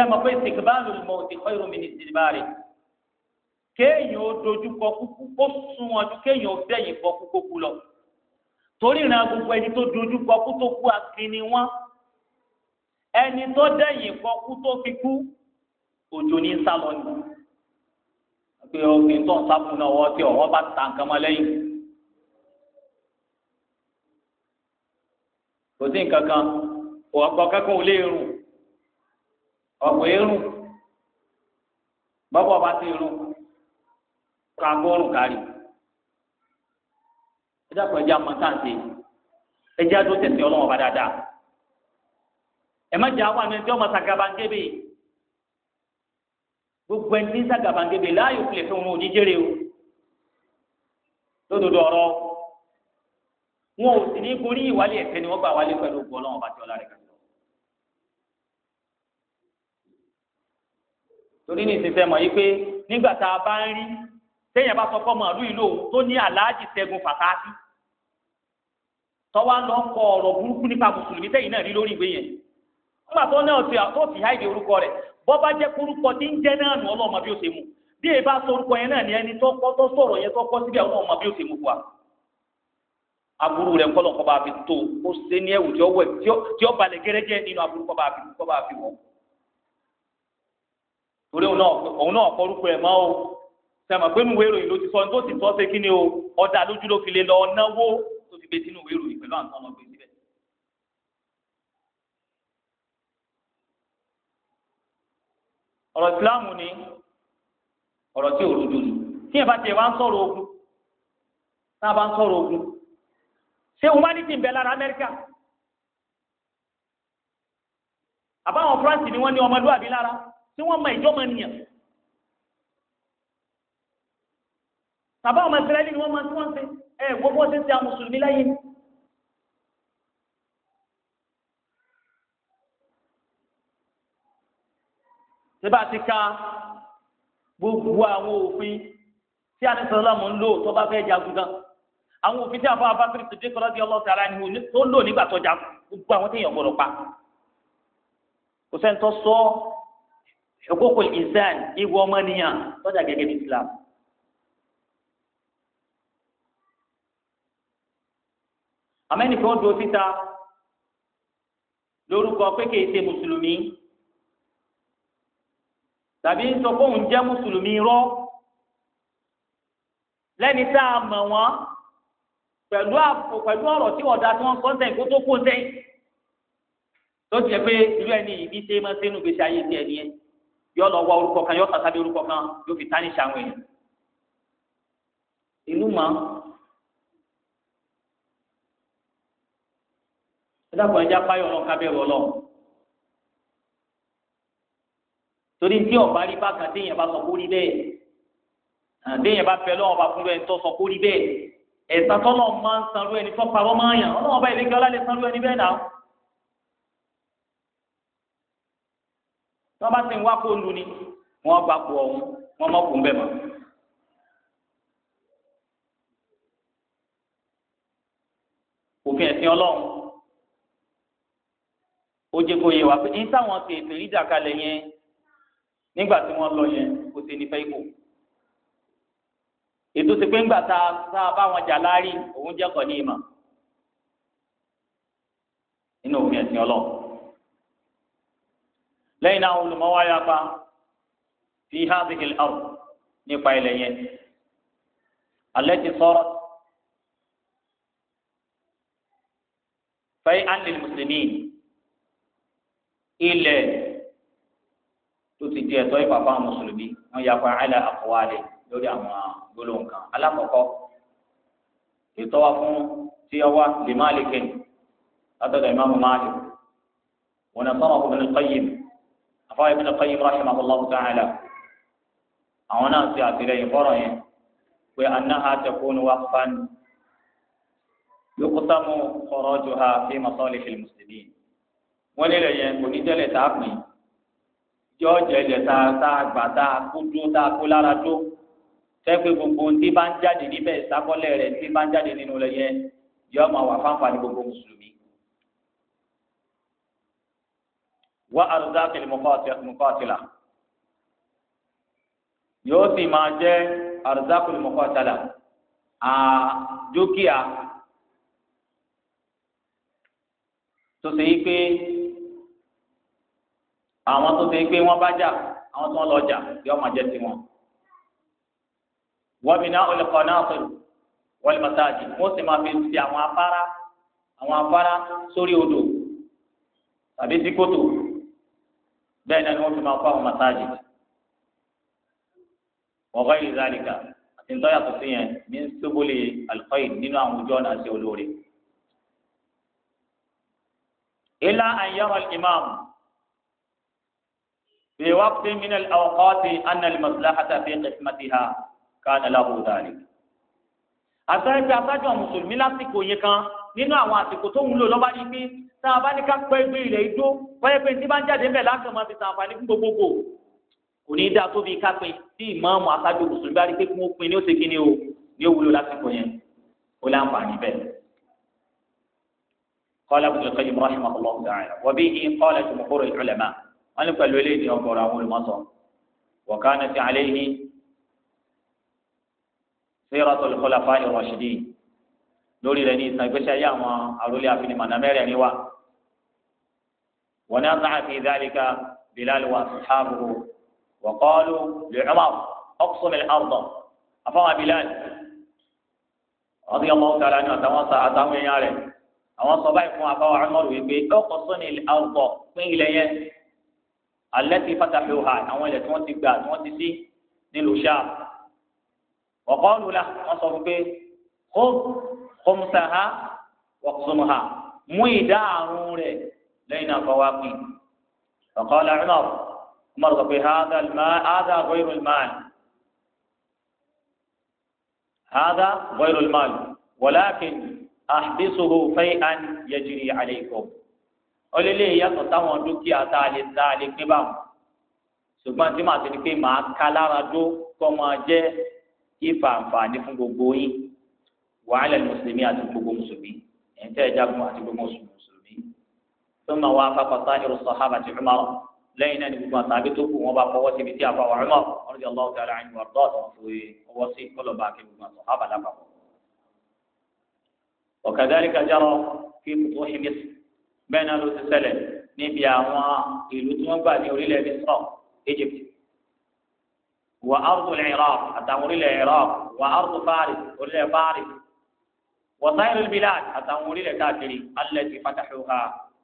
sẹ́mi pé ìsìnkìbáàlù mọ̀ òdì khairu min ìsìnkìbáàlì kéèyàn ó dojúkọ kúkú ó sún ọdún kéèyàn ó dẹ́yìn bọ kúkú lọ torí ìran gbogbo ẹni tó dojúkọ kú tó kú akíní wọn ẹni tó dẹ́yìn bọ kú tó fi kú òjò ní sálọ ni pé obìnrin tó ń sábùn náà wọ́n ti ọ̀wọ́ bá ta nǹkan mọ́ lẹ́yìn. kò sí nǹkan kan òwò àgbọ̀ ò lè rùn ọ̀pọ̀ irun bọ́bọ̀ bá ti irun kagọ́rùn kárí ẹjá pọ̀ ẹjá mọ̀ sáǹtì ẹjá tó tẹ̀sí ọlọ́wọ́ bá dáadáa ẹ má jẹ́ àwọn ẹni tí ọmọ sàgàbàǹgẹ̀bẹ̀ gbogbo ẹni tí sàgàbàǹgẹ̀bẹ̀ láàyò filẹ̀ fún wọn òjíjẹ́rẹ́ o lódodo ọ̀rọ̀ wọn ò sì ní gorí ìwálé ẹ̀fẹ́ ni wọ́n gbà wálé pẹ̀lú ògbọ́n ọlọ́wọ́ bá ti ọlá rẹ̀ kàn. torí ní ìsinsẹ́ mọ̀ yìí pé nígbà tá a bá ń rí téèyàn bá sọ fọ́ màálù yìí lòun tó ní aláàjì ṣẹ́gun fàtàkì tọ́wá lọ kọ ọ̀rọ̀ burúkú nípa mùsùlùmí tẹ́yìn náà rí lórí ìwé yẹn nígbà tó náà ti àtó fi háìdì orúkọ rẹ̀ bọ́ bá jẹ́ korúkọ tí ń jẹ́ náà nù ọlọ́mọ bí ó ṣe mú bí èyí bá sọ orúkọ yẹn náà ni ẹni tó kọ́ tó sọ̀rọ̀ yẹn tó kọ́ síbẹ̀ ọlọ́mọ bí ó ṣe mú wa aburú rẹ̀ kọlọ kọba fi tó ó ṣe ní ẹwù tí ó balẹ̀ gẹ́rẹ́gẹ́ nínú aburú kọba fi wọ torí òun náà kọ orúkọ ẹ̀ mọ́ o sẹ́mọ̀ pé nu wérò yìí ló ti sọ tó sì sọ ṣe kí ni o ọ̀dà lójú ló fi lè lọ náwó tó ti gbé sínú wérò yìí pẹ̀lú àǹtọ́ ọmọ gbèsè. ọ̀rọ̀ ìsìláàmù ni ọ̀rọ̀ tí òrojú ni tí ẹ bá tiẹ̀ wá ń sọ̀rọ̀ ogun tá a bá ń sọ̀rọ̀ ogun ṣé humanity ń bẹ lára Amẹ́ríkà àbáwọn France ni wọ́n ní ọmọlúwàbí lára tí wọ́n mọ ìjọba nìyẹn tàbá ọmọ ìsirẹ́lì ni wọ́n máa tí wọ́n ṣe ẹ gbogbo ṣe ti a mùsùlùmí láyé nígbà tí ká gbogbo àwọn òfin tí a ní sọlọ́mù ń lò tó bá fẹ́ jagun gan àwọn òfin tí a fọ abákiri tó dé kọ́lá di ọlọ́ọ̀tì ara ni tó lò nígbà tó jagun gbogbo àwọn téèyàn gbọdọ̀ pa kò sẹ́ni tó sọ ẹ̀kọ́kọ̀ ìsàn ìwọ ọmọnìyàn tọ́jà gẹ́gẹ́ bí Islam. àmẹ́ni kan dúró síta lórúkọ pé kì í ṣe mùsùlùmí tàbí ń sọ fóun jẹ́ mùsùlùmí rọ́ lẹ́ni tá a mọ̀ wọ́n pẹ̀lú àpò pẹ̀lú ọ̀rọ̀ tí ọ̀dà tí wọ́n kọ́ sẹ́yìn kó tó kó sẹ́yìn tó tiẹ̀ pé irú ẹni yìí bí ṣe máa ń sẹ́nu gbèsè ayé tiẹ̀ nìyẹn yọ lọ wá orúkọ kan yọ sàtàbí orúkọ kan yóò fi tání sàwọn èèyàn ìlú mọ ẹdáàbọ̀ ẹjá páyọ̀ ọlọ́run kábẹ́rù ọlọ́run torí tí ọba rí bákan téèyàn bá sọ kó rí bẹ́ẹ̀ téèyàn bá fẹ́ lọ́wọ́ bá fún lọ́wọ́ ẹni tó sọ kó rí bẹ́ẹ̀ ẹ̀sán tọ́lọ́ máa ń sanrú ẹni tó parọ́ máa yàn ọlọ́run ọba ìlẹ́gbẹ́ ọlá lè sanrú ẹni bẹ́ẹ̀ náà. tí wọ́n bá sì ń wá kó lu ni wọ́n bá kó ọ̀hún wọ́n mọ̀ kó ń bẹ̀ mọ́. òfin ẹ̀sìn ọlọ́run ó jẹ́ kó yé wa pé ní táwọn kèéfé rí dàkalẹ̀ yẹn nígbà tí wọ́n lọ yẹn kò sí ní fẹ́ ikú ètò ti pé ńgbà tá a bá wọn jà láàárín òun jẹ́ ní ìmọ̀ nínú òfin ẹ̀sìn ọlọ́run. لينا أول ما وياك في هذه الأرض نفعلين التي صارت فيئا للمسلمين إلا تتجي طيب أبا مسلمي من يقع على أقواله يولي أما قلونك على مقا يتوافون سيوا لمالك هذا الإمام مالك ونصره من القيم àfọwọ́ Ibn Qayyim rahimahullahu ta'ala àwọn náà ti àtìlẹ́yìn fọ́rọ̀ yẹn pé annaha takunu waqfan yuqtamu kharajuha fi masalihil muslimin wọ́n nílẹ̀ yẹn kò ní jẹ́lẹ̀ tá a pín yọ jẹ́lẹ̀ tá a gbà tá a kú dúró tá a kú lára tó tẹ́gbẹ́ gbogbo tí bá ń jáde níbẹ̀ ìsákọ́lẹ̀ rẹ̀ tí bá ń jáde nínú rẹ̀ yẹn yọ máa wà fáǹfààní gbogbo mùsùlùmí wá àrùdáàkì mọ́kọ́tìlá yóò sì máa jẹ́ àrùdáàkì mọ́kọ́tìlá dúkìá tó ṣe yí pé àwọn tó ṣe yí pé wọ́n bá jà àwọn tó ń lọ jà yóò máa jẹ́ tiwọn. wọ́n mi náà olè kọ́ náà sọ̀rọ̀ wọ́n lè máa sáàjì wọ́n sì máa fi ti àwọn afárá àwọn afárá sórí odò tàbí sí kòtò. بين الموت ما فوق مساجد وغير ذلك ان ضيق من سبل القيد من امجون اسيولوري الى ان يرى الامام في وقت من الاوقات ان المصلحه في قسمتها كان له ذلك. أتاي في أتاي في المسلمين لا nínú àwọn àsìkò tó wúlò lọ́ba ní pé tá bá ní ká pẹ́ gbé ilẹ̀ ijó wáyé pé tí bá ń jáde ńbẹ̀ láǹkà máa fi sàǹfààní fún gbogbogbò kò ní í dá tóbi ká pé tí ìmáàmù aṣáájú mùsùlùmí bá rí pé fún òpin ní ó ṣe kí ni o ní ó wúlò lásìkò yẹn ó láǹfààní bẹ́ẹ̀. قال ابن القيم رحمه الله تعالى وبه قال جمهور العلماء أنا قال وليدي أبو راهول وكانت عليه سيرة الخلفاء الراشدين lórí rẹ̀ ní ìtàn ìgbésí ayé àwọn àròlé àfinimọ̀nà mẹ́rẹ̀ẹ̀rin wa. wọn náà sáà fi dhalika bilal wa ashabuhu wa qalu li Umar aqsim al-ardh afọwọ́n bilal radiyallahu ta'ala anhu àtàwọn èèyàn rẹ̀ àwọn sọ báyìí fún abáwọ Umar wípé ọkọ̀ sọ́ni àwùjọ fún ilẹ̀ yẹn alẹ́ ti fatahu ha àwọn ilẹ̀ tí wọ́n ti gbà tí wọ́n ti sí nílùú sáà ọ̀kọ́ lula wọ́n sọ fún pé kó kọ́mùsà ha wọ́kùsùmù ha mú ìdá àrùn rẹ̀ lẹ́yìn náà fọwọ́ pè ọ̀kọ́lá ẹ̀rọ ọmọdé sọ pé hádà gbọ́yìrò ìmáàlì hádà gbọ́yìrò ìmáàlì wọ́lákin àbísòro fẹ́yàn yẹjìrì àlẹ́kọ̀ ọlẹ́lẹ́ ìyàtọ̀ táwọn dúkìá tá a lè tá a lè pín báwọn tí màá ti ní pé màá ká lára dó kọ́ máa jẹ́ ìfàǹfààní fún gbogbo yín wàhálà mùsùlùmí àti gbogbo mùsùlùmí ẹ̀ńtẹ́ ìjagun àti gbogbo mùsùlùmí tó máa wá afáfàtà irú sọ̀hábà ti Umar lẹ́yìn náà ni gbogbo àtàbí tó kù wọn bá fọwọ́ síbi tí àfa Umar ọ̀rọ̀dì ọlọ́wọ́ tẹ̀lé àyìn wà dọ́ọ̀tì wọn ọwọ́ sí kọlọ́ba àti gbogbo sọ̀hábà lápapọ̀. وكذلك جرى في فتوح مصر bẹ́ẹ̀ náà ló ti ṣẹlẹ̀ níbi àwọn ìlú tí wọ́n gbà ní orílẹ̀ misra egypt wà ardu Iraq àtàwọn orílẹ̀ Iraq wà ardu Faris orílẹ̀ Faris wasaɛri bila àtàwọn orílẹ̀ káàkiri alẹ́ ti fatahu ha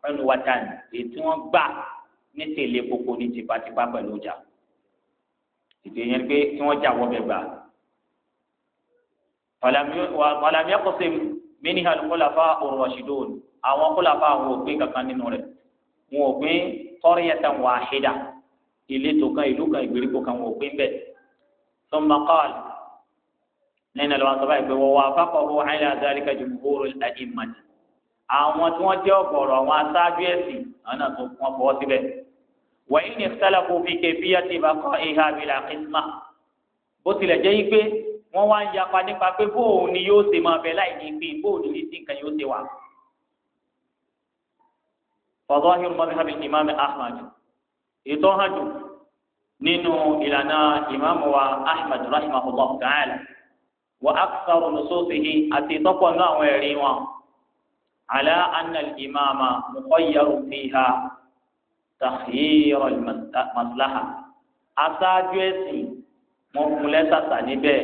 ẹnu wa dàn ètò wọn gbà ní tèlé koko ní tipatipa pẹ̀lú ọjà ètò yẹn pé kí wọ́n jà wọ́n bẹ̀ gbà. wàlámi ẹ̀kọ́sẹ̀ mini alukólafa ar-rashidun àwọn kólafa àwọn òpin kankan nínú rẹ̀ wọn ò pín qaryatan wahida ìletò kan ìlú kan ìgbèríko kan wọn ò pín bẹ́ẹ̀. sọ́mbàkọ́ọ̀lù lẹ́yìn náà lọ́wọ́ sọ báyìí pé wọ́n wá fákọ̀ọ́bù àìlà àdáríkà jumhur al-a'immah àwọn tí wọ́n jẹ́ ọ̀gọ̀rọ̀ àwọn aṣáájú ẹ̀sìn àwọn náà tó wọ́n fọwọ́ síbẹ̀. wàyí ni ikhtalafu fi kayfiyati baqa'iha bila qisma bó tilẹ̀ jẹ́ wípé wọ́n wá ń yapa nípa pé bóun ni yóò ṣe máa bẹ láì ní pín bóun ni sí nǹkan yóò ṣe wà. fa wa aksaru nususihi àti tọ́pọ̀ náà àwọn ẹ̀rí wọn ala anna al-imama mukhayyaru fiha takhyiral maslaha aṣáájú ẹ̀sìn wọn fún lẹ́sàtà níbẹ̀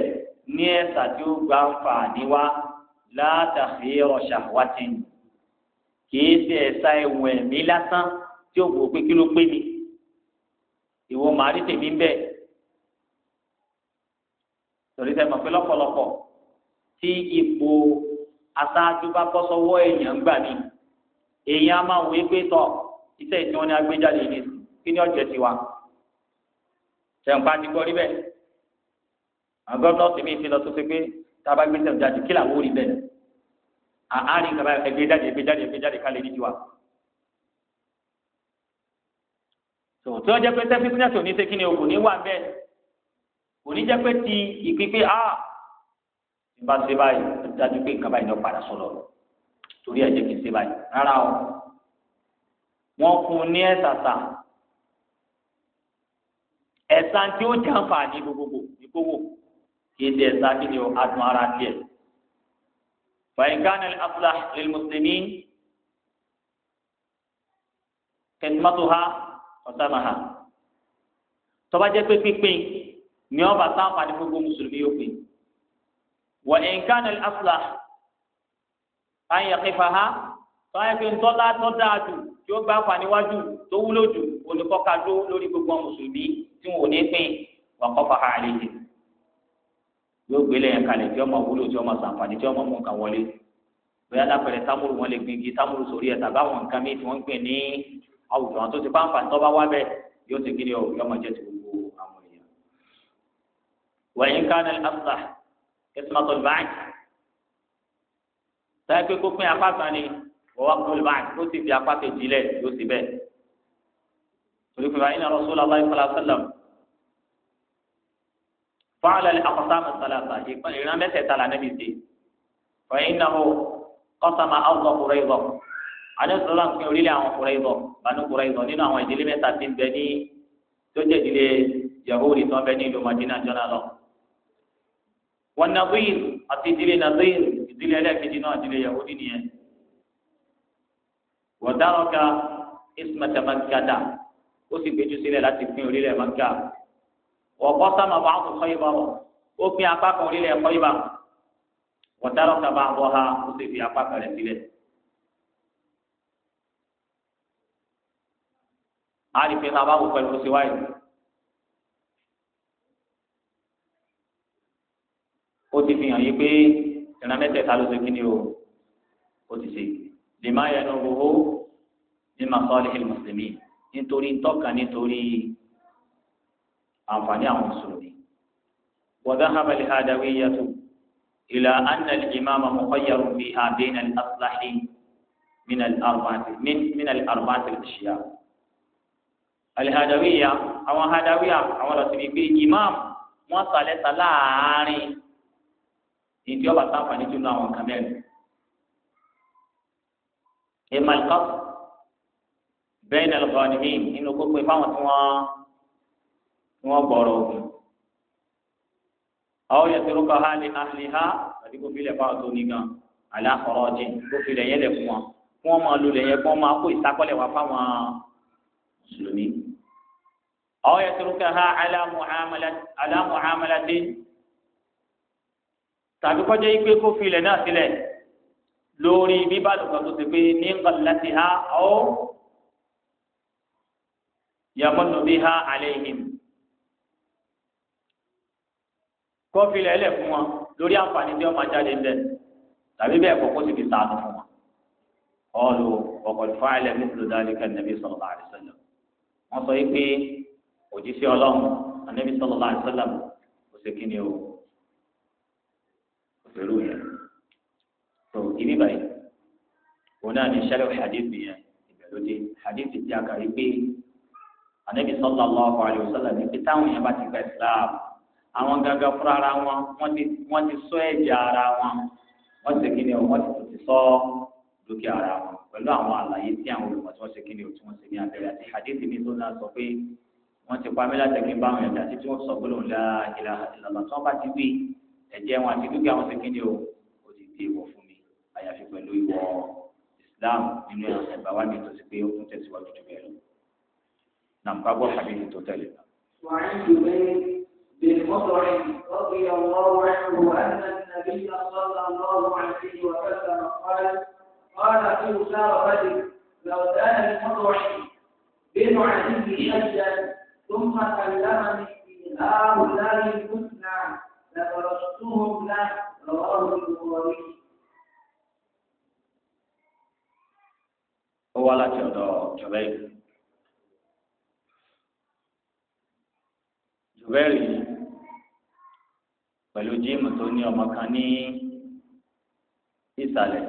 ní ẹ̀sà tí ó gba àǹfààní wá la takhyiru shahwatin kìí ṣe ẹ̀sà ẹ̀wọ̀n ẹ̀mí lásán tí ó wò pé kí ló pé mi ìwọ màá rí tèmi bẹ́ẹ̀ torí sẹ́mi pé lọ́pọ̀lọpọ̀ tí ipò aṣáájú bá bọ́ sọ́wọ́ èèyàn gbà ní èèyàn á máa wọ pé tọ̀ iṣẹ́ ìtí wọn ni agbéjáde ní kí ni ọ̀jẹ̀ tiwa sẹ̀ǹpa ti gbọ́ rí bẹ́ẹ̀ àgọ́dọ̀ tèmi ti lọ tó ṣe pé tá a bá gbé sẹ̀ǹ jáde kí làwọn ò rí bẹ́ẹ̀ àárín kaba ẹgbẹ́ jáde ẹgbẹ́ jáde ẹgbẹ́ jáde ká lè ní tiwa. tòótọ́ jẹ́ pé tẹ́físínẹ́sì ò ní ṣe kí ni okùn ní wà bẹ́ẹ̀ kò ní jẹ́ pé ti ìpín pé a ti bá ṣe báyìí ó dájú pé nǹkan báyìí lọ padà sọ̀rọ̀ torí ẹ̀ jẹ́ kí n ṣe báyìí rárá o wọ́n fún un ní ẹ̀sàsà ẹ̀sán tí ó jàǹfààní gbogbogbò ìkówó kì í ṣe ẹ̀sán kí ni o adùn ara tiẹ̀. فإن كان الأصلح للمسلمين خدمتها وسمها tó bá jẹ́ pé pínpín ní ọba sáfà ní gbogbo mùsùlùmí yòókù wọ nǹkan asla ayẹkẹfà ha tọ́yẹ pé ntọ́lá tọ́ dáa jù tí ó gbà fà níwájú tó wúlò jù olùkọ́ka dó lórí gbogbo mùsùlùmí tí wọn ò ní pín wà kọ́fà ha àlejò yóò gbélé yẹn kalẹ̀ tí ọmọ wúlò tí ọmọ sàǹfààní tí ọmọ mú nǹkan wọlé bóyá lápẹ̀rẹ̀ támúrù wọn lè gbin igi támúrù sórí ẹ̀ tàbí àwọn nǹkan míì tí wọ́n ń pè ní àwùjọ àwọn tó ti pàǹfà tó bá wá bẹ́ẹ̀ yóò ti kiri ọ̀ وإن كان الأصلح قسمة البعد sáyẹ́pẹ́ kó pín apá kan ní wọ́wá kó lè báyìí ó sì fi apá kejì lẹ̀ yóò sì bẹ́ẹ̀. torí pé báyìí náà rọ́ṣọ́ làwọn ìfọlá sẹ́lẹ̀m. fáwọn akọ̀sáàmù sàlàsà ìran mẹ́tẹ̀ẹ̀ta là níbi ṣe. fọyín náà kọ́sàmà áwùsọ kúrẹ́ ìbọ̀. àní sọ́lá ń pín orílẹ̀ àwọn kúrẹ́ ìbọ̀ bánú kúrẹ́ ìbọ̀ nínú àwọn ìdílé mẹ́ta ti ń bẹ ní tó jẹ́ ìdílé yahoo wọn nàbíyìn àti ìdílé nàbíyìn ìdílé ẹlẹ́ẹ̀kejì náà ìdílé yahudi nìyẹn wọ̀dárọ̀ka ismata makada ó sì gbẹjú sílẹ̀ láti pín orílẹ̀ maka wọ̀kọ́ sáma bá àwọn kọ́yìbá wọ̀ ó pín apá kan orílẹ̀ kọ́yìbá wọ̀dárọ̀ka bá wọ̀ ha ó sì fi apá kan rẹ̀ sílẹ̀. àrífẹ́ náà bá wọ̀ pẹ̀lú síwáyé. ó ti fi hàn yí pé ìran mẹ́tẹ̀ẹ̀ta ló ti kí ni o ó ti ṣe lèmá yẹn ló wò ó ní masọ́ọ̀lì mùsùlùmí nítorí tọ́ka nítorí àǹfààní àwọn mùsùlùmí. وذهب الهادوية إلى أن الإمام مخير فيها بين الأصلح من الأربعة من من الأربعة الأشياء. الهادوية أو هادوية أو رسمي في إمام وصلت لاري ìdí ọba sáfàní tó náà wọn kà mẹ́rin. ìmọ̀ ẹ̀kọ́ bẹ́ẹ̀ ni ọlọ́pàá ni míì nínú gbogbo ìfáwọn tí wọ́n tí wọ́n gbọ́rọ̀ ogun. àwọn yẹn ti rúkọ ha ní ahìlì ha àti kó filẹ̀ fáwọn tó ní gan aláàkọ́rọ́ jẹ kó filẹ̀ yẹn lẹ̀ fún wọn kí wọ́n máa lulẹ̀ yẹn kí wọ́n máa kó ìsákọ́lẹ̀ wá fáwọn mùsùlùmí. àwọn yẹn ti rúkọ ha aláàmù àmàlà tàbí kọjá yìí pé kó fi ilẹ̀ náà sílẹ̀ lórí bíbá lùkọ́ tó ti pé ní nkàlẹ́tì ha ọ́ yàmọ́nù bí ha àlẹ́yìn kó fi ilẹ̀ ẹlẹ̀ fún wọn lórí àǹfààní tí wọ́n máa jáde ńlẹ̀ tàbí bẹ́ẹ̀ kọ́ kó sì fi sàánú fún wọn. ọ̀lù ọ̀kọ̀lùfà ilẹ̀ mísìlú dálí kan nàbí sọ̀rọ̀ àrísọ̀lọ̀ wọ́n sọ yìí pé òjíṣẹ́ ọlọ́run ànábì sọ̀rọ̀ àrísọ̀lọ̀ kò sí pẹ̀lú yẹn tó ibi báyìí òun náà ní sẹ́lẹ̀ hadith yẹn ìbẹ̀lódé hadith ti àkàrí pé anabi sallallahu alayhi wa sallam ní pé táwọn yẹn bá ti gba islam àwọn gàgà fúnra ara wọn wọ́n ti sọ ẹ̀jẹ̀ ara wọn wọ́n ti kí ni wọ́n ti ti sọ dúkìá ara wọn pẹ̀lú àwọn àlàyé tí àwọn olùmọ̀ tí wọ́n ṣe kí ni o tí wọ́n ṣe ní abẹ́rẹ́ àti hadith mi tó náà sọ pé wọ́n ti pa mí láti kí n bá wọn yàtọ̀ àti tí wọ́n sọ gbólóhùn la ilaha illallah tí wọ́n bá ti wí ẹjẹ wọn àti dúkìá wọn ti kí ni o ó ti di ìwọ fún mi àyàfi pẹlú ìwọ Islam nínú ẹgbà wa ní tó pé ó tún tẹ̀síwájú jù bẹẹ lọ nàǹkà gbọ́ àbíyí tó tẹ̀lé. وعن جبير بن مطعم ثم كلمني في هؤلاء لفرشتهم له رواه البخاري هو لا تشهد جبير جبير pẹ̀lú jíìmù tó ní ọmọ kan ní ìsàlẹ̀.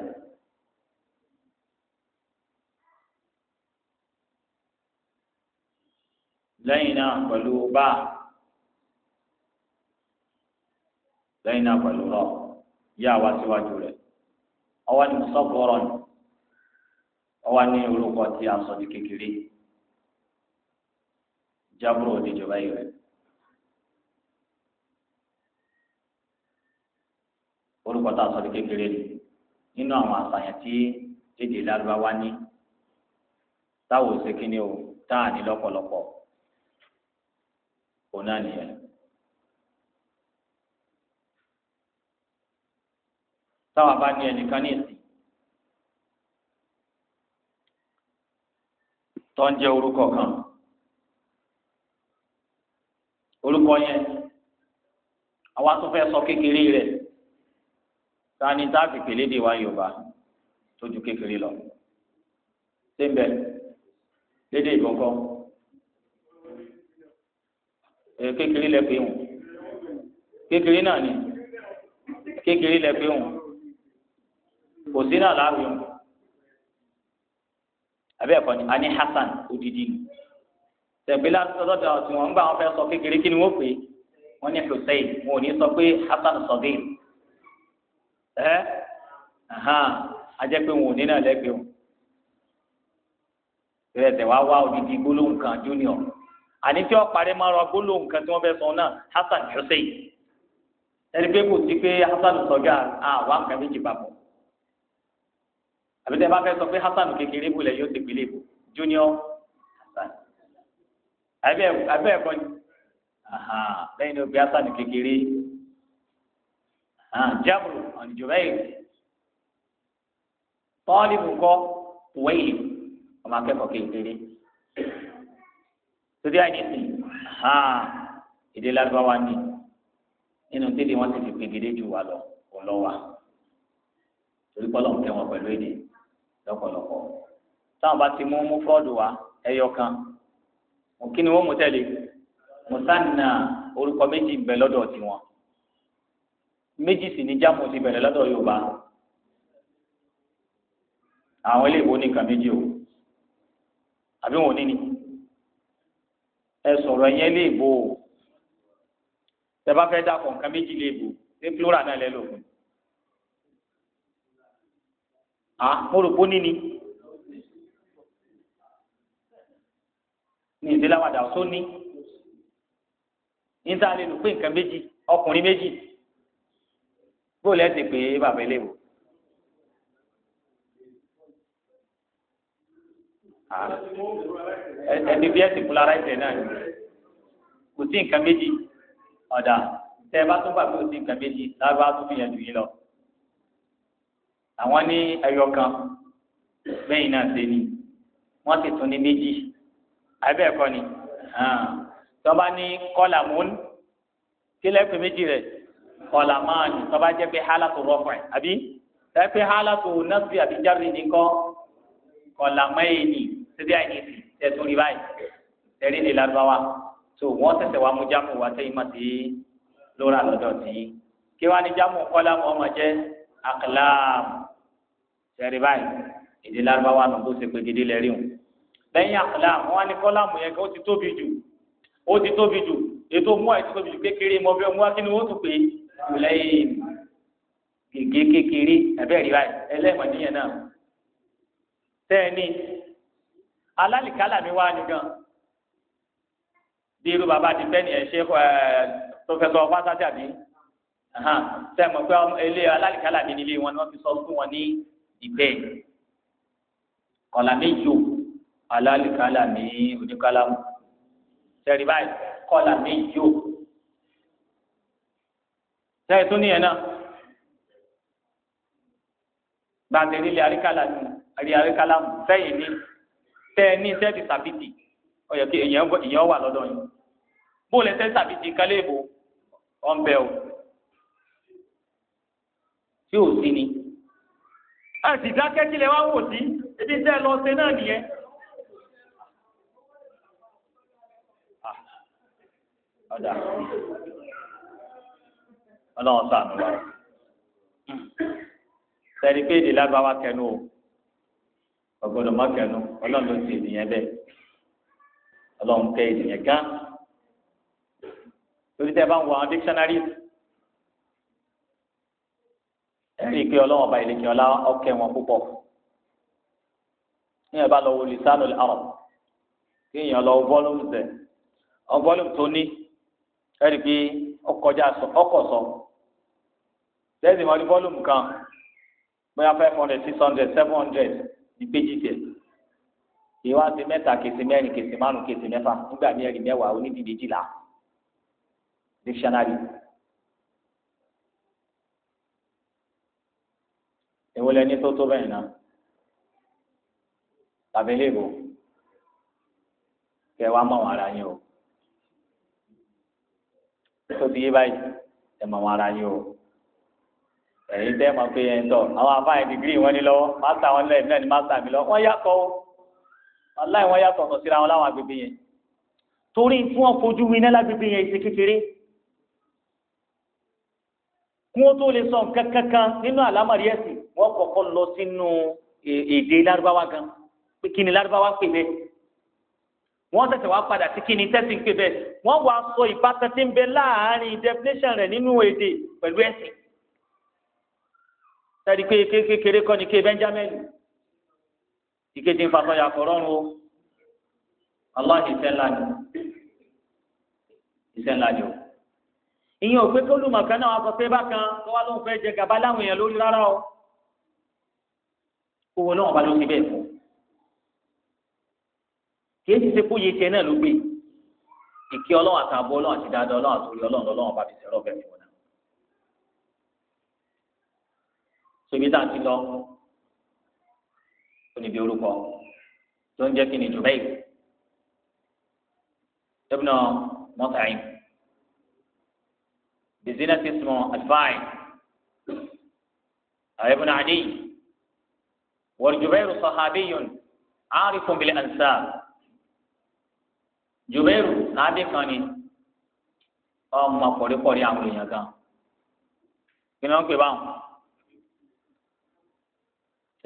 lẹ́yìn náà pẹ̀lú báà lẹ́yìn náà pẹ̀lú rọ yá wa síwájú rẹ̀ ọwọ́ ni mùsọ̀kọ̀rọ̀ ni ọwọ́ ní orúkọ tí a sọ di kékeré jábúrò oníjọba yìí rẹ̀ orúkọ tá a sọ di kékeré ni nínú àwọn àṣàyàn tí èdè lárúbáwá ní táwọn ò ṣe kíní o ní lọ́pọ̀lọpọ̀ òun náà nìyẹn. táwa bá ní ẹnìkan ní ìsìn tó ń jẹ orúkọ kan orúkọ yẹn àwa tó fẹ́ sọ kékeré rẹ̀ ta ni tá a fi pèlè dè wá Yorùbá tó ju kékeré lọ ṣé ń bẹ lédè ìgbọ̀ngàn kékeré lẹ pé wọn kékeré náà ni kékeré lẹ wọn kò sí náà láàrin o àbí ẹ̀kọ́ ni a ní hasan odidi ni tẹ̀gbẹ́lá sọ́dọ̀dọ̀ tí wọ́n ń gbà wọn fẹ́ sọ kékeré kí ni wọ́n pè é wọ́n ní hussein wọn ò ní sọ pé hasan sọ̀gẹ́ ẹ́ ajẹ́ pé wọn ò ní náà lẹ́gbẹ̀ẹ́ o ìrẹ̀ tẹ̀ wá wá odidi gbólóhùn kan junior àní tí wọ́n parí máa rọ gbólóhùn kan tí wọ́n fẹ́ sọ náà hasan hussein ẹni pé kò sí pé hasan sọ̀gẹ́ àwọn akẹ́kẹ́ àbí tẹ́ bá fẹ́ sọ pé hasan kékeré bò yóò ti gbélé bò junior hasan àbí ẹ̀kọ́ ni lẹ́yìn náà bí hasan kékeré jabru ọ̀nìjọ́bẹ́yì tọ́lìbù kọ́ wẹ́yì ọmọ akẹ́kọ̀ọ́ kékeré torí àyẹ̀sìn èdè lárúbáwá ni nínú tẹ́lẹ̀ wọ́n ti fi pegedé jù wá lọ ọlọ́wà torí pọ́lọ́ ń kẹ́ wọn pẹ̀lú èdè lọ́pọ̀lọpọ̀ táwọn bá ti mú mú fúrọ́ọ̀dù wá ẹyọ kan kí ni wọ́n mú tẹ̀lé mùsànà orúkọ méjì bẹ̀ lọ́dọ̀ tiwọn méjì sì ní jámù ti bẹ̀rẹ̀ lọ́dọ̀ Yorùbá àwọn eléèbó ní méjì o àbí wọn ní ni ẹ sọ̀rọ̀ ẹ̀yẹ léèbó o tẹ bá fẹ́ dàpọ̀ nǹkan méjì léèbó ṣé plural náà lẹ́ lògùn à ah, mo rò pé ó ní ni ní ìdíláwàdà tó ní níta lè lò pé nǹkan méjì ọkùnrin méjì bóòlù ẹ ti pè é bàbá eléwò. Ah, ẹni bí ẹ ti kula ara ẹsẹ náà kò sí nǹkan méjì ọ̀dà tẹ ẹ bá tún gbà pé kò sí nǹkan méjì lábẹ́ bá yẹn jù yín lọ àwọn ní ẹyọ kan bẹ́yìn náà ṣe ni wọ́n sì tún ní méjì àbẹ́ẹ̀ kọ́ ni tọ́ba ní kọ́là mún kílẹ̀ pé méjì rẹ̀ kọ́là máa ní tọ́ba jẹ́ pé hálà tó rọ̀ fún ẹ̀ àbí tẹ́ pé hálà tó nọ́ọ̀sì àbí jáde ní kọ́ kọ́là mẹ́yìn ni síbi àìníṣì tẹ̀tún rí báyìí tẹ̀rí ní Lárúbáwá tó wọ́n tẹ̀sẹ̀ wá mú jámù wá sẹ́yìn máa ti lóra lọ́dọ̀ sí kí wọ́n á ní jámù kọ́là mọ́ ọmọ jẹ́ àkàlà sẹ́rí báyìí èdè lárúbáwá nù tó ṣe pé gidi lẹ́rí o lẹ́yìn àkàlà wọn ni kọ́lámù yẹn ó ti tóbi jù ó ti tóbi jù ètò mú àìsí tóbi jù kékeré mọ bí ọmú wa kí ni wọ́n tún pè é lẹ́yìn gègé kékeré ẹ̀bẹ́ rí báyìí ẹlẹ́mọ̀ níyẹn náà tẹ́ẹ̀ni alálìkálà mi wá nìkan bí irú bàbá ti fẹ́ nìyẹn ṣe pọfẹsọ fásitì àbí sẹ́mo pé ilé alálìkálà mi nílé wọn ni wọ́n ti sọ fún wọn ní sí bẹ́ẹ̀ kọ̀làmí jò alálìkálàmí oníkálàmù sẹ́rí báyìí kọ̀làmí jò sẹ́yìn tó níyẹn náà gbàtẹ́ nílé àríkálàmù àríkálàmù sẹ́yìn ní tẹ́ ẹ ní sẹ́ẹ̀tì sàbìtì ọ̀yọ̀ kí èèyàn wà lọ́dọ̀ yìí bó lẹ sẹ́ẹ̀tì sàbìtì kálẹ̀ èbò ọ̀nbẹ o tí ò sí ni ẹ sì dákẹ́ kí lẹ wá wò sí ibi tẹ́ ẹ lọ ṣe náà nìyẹn. Ah. ọ̀dà ọlọ́run sànù wa sẹ́ni pé èdè lágbàá wa kẹnu o ọ̀gbọ́dọ̀ má kẹnu ọlọ́run ló ti ènìyàn bẹ́ẹ̀ ọlọ́run kẹ ènìyàn gán torí tẹ́ bá ń wọ àwọn dictionaries ẹ̀rí ike ọlọ́wọ́n ọba ìlẹ̀kẹ́ ọlá ọkẹ́ wọn púpọ̀ níyẹn bá lọ wo lisanul arab kéèyàn lọ volume zẹ ọ volume tó ní ẹ̀rí pé ọkọjá ọkọ̀ sọ tẹ́sí wọn ní volume kan bóyá five hundred six hundred seven hundred ní péjì tẹ̀ ìwà ti mẹ́ta kèsì mẹ́rin kèsì márùn kèsì mẹ́fà nígbà mẹ́rin mẹ́wàá onídìí méjìlá dictionary. èwo lẹni tó tó bẹ́ẹ̀ náà tàbí léèbò kẹ wàá mọ̀ wọn ara yín o tó ti yé báyìí ẹ mọ̀ wọn ara yín o ẹ̀yin tẹ́ mọ̀ pé ẹ̀ ń tọ̀ àwọn afáàyàn dìgírì wọn ní lọ́wọ́ mástà wọn lẹ́yìn náà ni mástà mi lọ wọ́n yàtọ̀ o aláì wọ́n yàtọ̀ ọ̀tọ̀ síra wọn láwọn agbègbè yẹn torí tí wọ́n fojú winá lágbègbè yẹn ìṣe kékeré kí wọ́n tó lè sọ nǹkan kankan nínú àlámọ̀rí ẹ̀sìn wọ́n kọ́kọ́ lọ sínú e, èdè lárúbáwá gan pé kí ni lárúbáwá pè bẹ́ẹ̀ wọ́n tẹ̀sẹ̀ wá padà sí kí ni tẹ́sí pé bẹ́ẹ̀ wọ́n wá sọ ìbátan tí ń bẹ láàárín definition rẹ̀ nínú èdè pẹ̀lú ẹ̀sìn sẹ́ni pé kékeré kọ́ ni ké Benjamin ìkejì ń fasọ yàtọ̀ o Allah ìfẹ́ ńlá ni ìfẹ́ ńlá ni o ìyẹn ò pé kólùmọ̀ kan náà wá sọ pé bákan tó wá ló ń fẹ́ jẹ gàba láwọn èèyàn lórí rárá o kó wọn náà wọn bá ló ti bẹ́ẹ̀ fún kìí ti ṣe kó yẹ tiẹ̀ náà ló gbé ìkí ọlọ́run àtàbọ̀ ọlọ́run àti dáadáa ọlọ́run àtòrí ọlọ́run lọ́lọ́run bá fi ṣe rọ́ọ̀bẹ̀ fún wọn sobi tá a ti lọ ó níbi orúkọ tó ń jẹ́ kí ni Jubair ibn Mut'im bizinesi small advice ibn Adi. والجبير صحابي عارف بالأنساب Jubairu sáadé kan ni ọmọ kọ̀ríkọ̀rí àwọn èèyàn gan kí ni wọ́n pè báwọn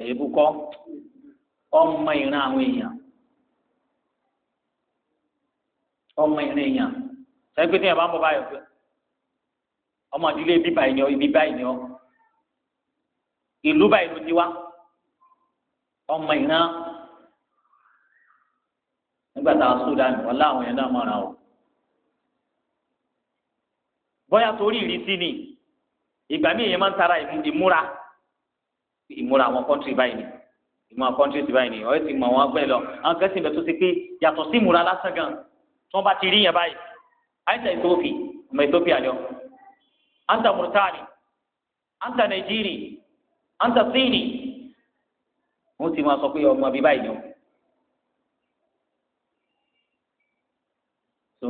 èébú kọ́ ọmọ ìran àwọn èèyàn ọmọ ìran èèyàn sẹ́yìn pé tí yẹn bá ń bọ̀ báyọ̀ pé ọmọ ìdílé ibi báyìí ni ọ ibi báyìí ni ọ ìlú báyìí ló ti wá ọmọ ìran nígbà tá a sódà ní wọn láwọn yẹn náà mọ̀ra o bóyá torí ìrísí ni ìgbà míì yẹn máa ń tara ìmúra ìmúra àwọn kọ́ńtì báyìí ni ìmúra kọ́ńtì ti báyìí ni ọ̀rẹ́ ti mọ àwọn agbẹ́ lọ àwọn kẹ́sìn bẹ̀ tó ṣe pé yàtọ̀ sí ìmúra lásán gan tí wọ́n bá ti rí yẹn báyìí àìsàn ìtòfì ọmọ ìtòfì àjọ àǹtà mùrùtáàlì àǹtà nàìjíríì àǹtà síìnì wọ́n ti máa sọ pé ọmọ bíi báyìí ni o. so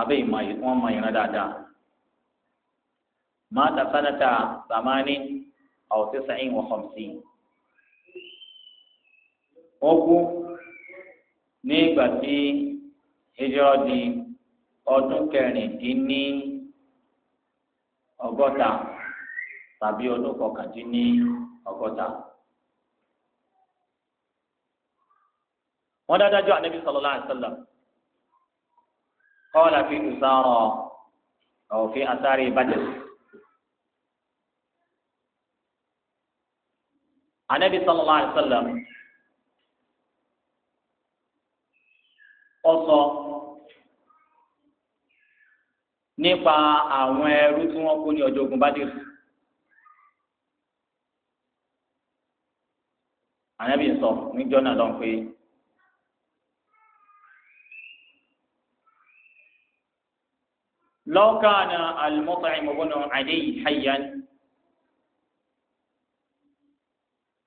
abẹ́ ìmọ̀ wọ́n mọ ìran dáadáa. máa ta sanata samani àwòtí sẹ́yìn wọ̀ kọ̀m̀sì. wọ́n kú ní ìgbà tí ìjọ di ọdún kẹrìndínlẹ́ni ọgọ́ta tàbí ọdún kọkàndínlẹ́ni ọgọ́ta. wọ́n dájọ́ ànábi sallallahu alaihi wasallam kọ́ọ̀lá fi ìsàrọ̀ òfin àtàrí ìbàdàn. ànábi sallallahu alaihi wasallam ọsọ nípa àwọn ẹrú tí wọ́n kó ní ọjọ́ ogun Badr. ànábi sọ níjọ́ náà lọ́n pé. لو كان المطعم بن علي حيا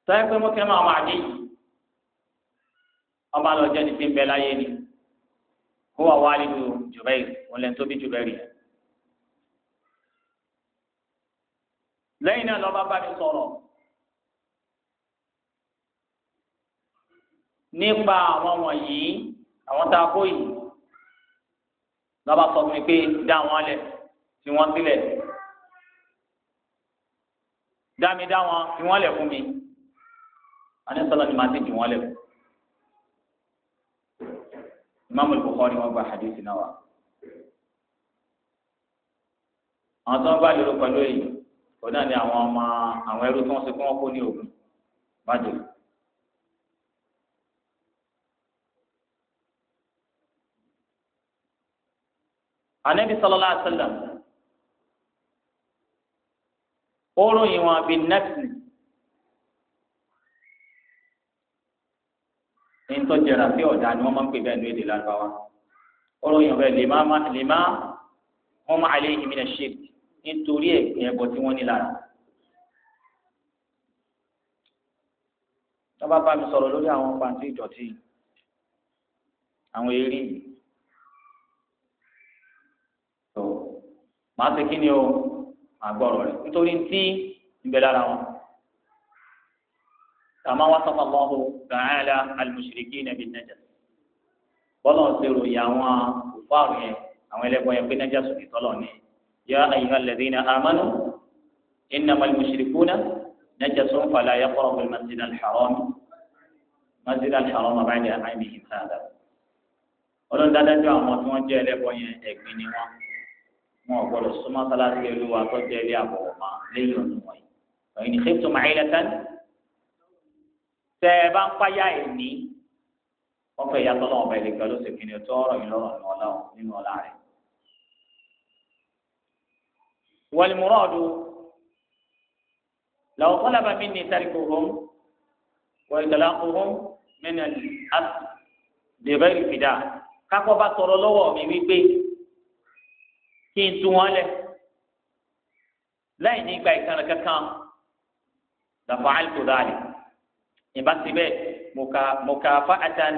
سيكون مطعم مع عدي أما لو جاني في بلايين هو والد جبير ولن تبي جبير لين لو بابا بصوره nípa àwọn wọ̀nyí àwọn tá lọ́ba sọ fún mi pé dá wọn lẹ̀ tí wọ́n sílẹ̀ dá mi dá wọn tí wọ́n lẹ̀ fún mi anisọlọ ni màá ti jù wọn lẹ̀ fún imaamu Bukhari wọn gba hadith náà wa àwọn tó ń bá lérò pẹ̀lú èyí kò náà ni àwọn ọmọ àwọn ẹrú tí wọ́n ṣe kí wọ́n kó ní òògùn bá dèrò. anabi sallallahu alaihi wasallam oorun yìí wọn bíi nẹfsi ntọjẹra fi ọdà ni wọn máa ń pè bẹ́ẹ̀ ní èdè Lárúbáwá oorun yìí wọn bẹ́ẹ̀ lèmá lèmá wọn máa alẹ yìí mi náà ṣe nítorí ẹgbẹ tí wọn ní lára. tọ́ba bá mi sọ̀rọ̀ lórí àwọn pàǹtí ìdọ̀tí àwọn eré yìí. màá ṣe kí ni o màá gbọ́rọ̀ rẹ̀ nítorí tí ìbẹ̀ lára wọn. kama wasafa Allahu ta'ala al-mushrikina bin-najas bọ́lá ṣe ròyìn àwọn òfáàrù yẹn àwọn ẹlẹ́gbọ́n yẹn pé nàjà sùn ìtọ́lọ̀ ni ya ayyuhal ladhina amanu innamal mushrikuna najasun fala yaqrabu al-masjid al-haram masjid al-haram ba'da 'amihim hadha ọlọ́run dáadáa àwọn tí wọ́n jẹ́ ẹlẹ́bọ yẹn ẹ̀gbin ni wọ́n wọn ò gbọdọ̀ súnmọ́ sálásí ẹlú wa tó jẹ́ ilé àbọ̀wọ̀ mọ́ lẹ́yìn ọ̀nà wọ̀nyí. ọ̀yìn ní kéètò máa yẹlẹ tán. tẹ ẹ bá ń páyà ẹ̀mí wọ́n fẹ́ yàtọ̀ náà ọba ìlẹ̀kẹ́ ló sì kíni tó ọ̀rọ̀ yìí lọ́rọ̀ ní ọ̀la nínú ọ̀la rẹ̀. wal muradu law talaba minni tarkuhum wa itlaquhum min al-asl bi ghayri fida kápọ́ bá tọrọ lọ́wọ́ mi wípé kí n tú wọn lẹ láì ní gba ìkànnì kankan dàpọ̀ àìkú dáàlì ìbá ti bẹ́ẹ̀ mo kà fa àtàn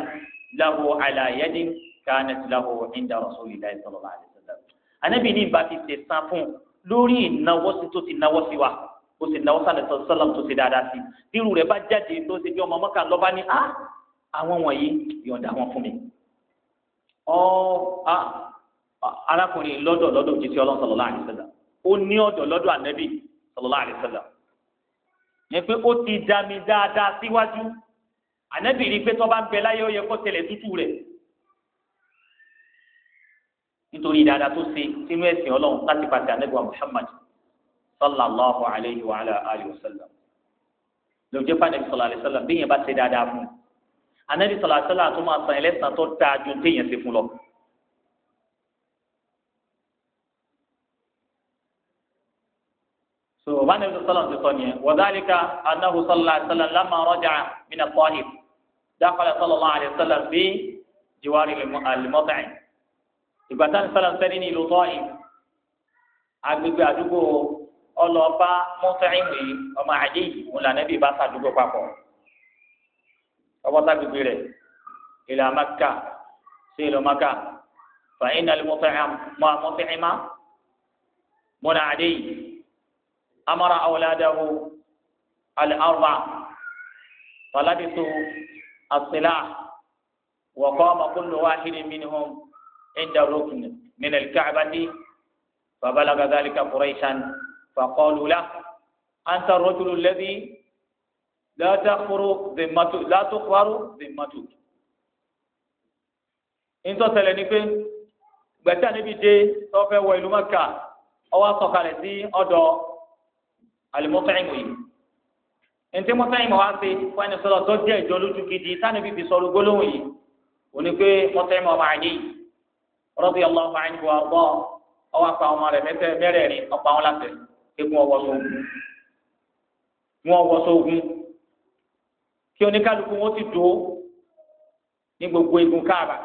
lahu àlàyédì kánẹtì lahu ìndà rasulillahi sallallahu alaihi wasallam anábì ní ìbá ti ṣe san fún lórí ìnáwó sí tó ti náwó sí wa ó sì náwó sálẹ̀ sọ́lọ́m tó ṣe dáadáa sí irú rẹ̀ bá jáde tó ṣe bí ọmọ mọ́kà lọ́ba ní ah, àwọn wọ̀nyí yọ̀ǹda wọn fún mi. ọ́ á ah, arákùnrin lọ́dọ̀ lọ́dọ̀ òjijì ọlọ́run sọlọ́lá àdìsẹ́là ó ní ọ̀dọ̀ lọ́dọ̀ ànẹ́bì sọlọ́lá àdìsẹ́là ní pé ó ti dá mi dáadáa síwájú ànẹ́bì rí i pé tó bá ń bẹ láyé ó yẹ kó tẹ̀lé tútù rẹ̀ nítorí dáadáa tó ṣe sínú ẹ̀sìn ọlọ́run láti pàṣẹ ànẹ́bì wa Muhammad sallallahu alayhi wa alayhi wa sallam ló jẹ́ fún ànẹ́bì sallallahu alayhi wa bí so ọba ní ọdún sọlọ ti sọ nìyẹn wọdálíkà anáhu sọlá sọlá lámà rọjà mina kọ́ọ̀hìn dákọ̀lẹ̀ sọlọ lọ́wọ́ àlẹ́ sọlá bí jiwari alimọ́tàìn ìgbà tá ní sọlá sẹ́ni ní ìlú tọ́yìn agbègbè àdúgbò ọlọ́ọ̀bá mọ́tàìn wì ọmọ àdé yìí òun là nẹ́bí bá sàdúgbò papọ̀ gbègbè rẹ̀ ìlà maka sí ìlú maka fàyín alimọ́tàìn mọ́ àmọ́tàìn má àdé yìí amara awladahu al-arba falabisu as-silah wa qama kullu wahidin minhum inda rukn min al-ka'bati فبلغ ذلك قريشا فقالوا له أنت الرجل الذي لا تخفر ذمتك لا تخفر ذمتك إن تسألني فين gbẹ̀tẹ́ níbi dé tó fẹ́ wọ ìlú Mẹ́kà ó wá sọ̀kalẹ̀ sí ọ̀dọ̀ alimọtẹyimu yìí ntẹ mọtẹyimu wa ṣe fún ẹni sọlọ tó jẹ ìjọ lójú gidi sani bíbí sọ̀rọ̀ gbólóhùn yìí òní pé mọtẹyimu ọba àyè yìí rọbì ọlọ ọba àyè wà bọ ọwọ apá ọmọ rẹ mẹtẹ mẹ́rẹ̀ẹ̀rin ọpa wọn láti kékun ọwọ sóògùn wọn wọ sóògùn kí oníkálukú wọn ti dúró ní gbogbo egun káàbà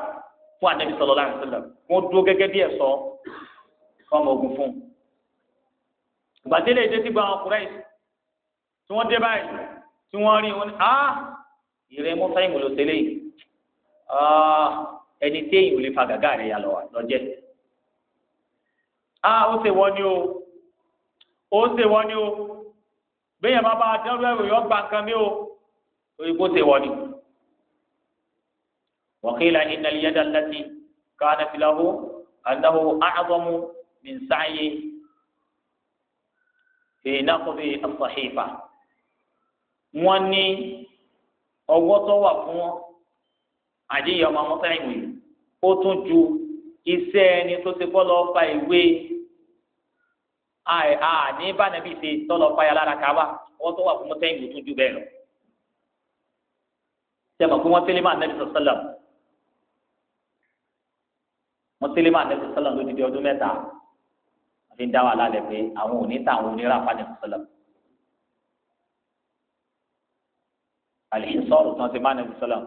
fún anabi sọlọ láti sọlọ wọn dúró gẹ́gẹ́ bí ẹ̀ṣọ́ fọmọ ogun fún un gbàdélé dé ti gba àwọn ọkùnrin yìí tí wọ́n dé báyìí tí wọ́n rí wọn ni a ìrẹ́ mọ́tà ìmọ̀lò tẹ́lẹ̀ yìí ẹni tí èyí ò lè fa gàgà rẹ̀ yà lọ́jẹ́ a ó ṣe wọ́n ni o ó ṣe wọ́n ni o bẹ́ẹ̀ bá bá dẹ́rù ẹ̀rù yọ gba nǹkan mi o òyìnbó ṣe wọ́n ni wàkìlá ìnàlẹ́yẹ́dá láti kánàfìlà hó àdáhó àádọ́mú mìsáyé fi naqbi as-sahifa wọ́n ní ọwọ́ tó wà fún wọn àdéhìí ọmọ mọ́sáìmù yìí ó tún ju iṣẹ́ ẹni tó ti bọ́lọ́ fa ìwé àní bánabí ṣe tọ́lọ́ fa yàrá rà káwá ọwọ́ tó wà fún mọ́sáìmù tún ju bẹ́ẹ̀ lọ. sẹ́mi kí wọ́n tẹ́lẹ̀ máa nẹ́bí sọ́sọ́lá wọ́n tẹ́lẹ̀ máa nẹ́bí ọdún mẹ́ta àfi ń dá wà lálẹ́ pé àwọn ò ní tà àwọn onírà fáwọn ìṣẹ̀lẹ̀. àlìṣọ́ọ̀rù tán ti máa ń ìṣẹ̀lẹ̀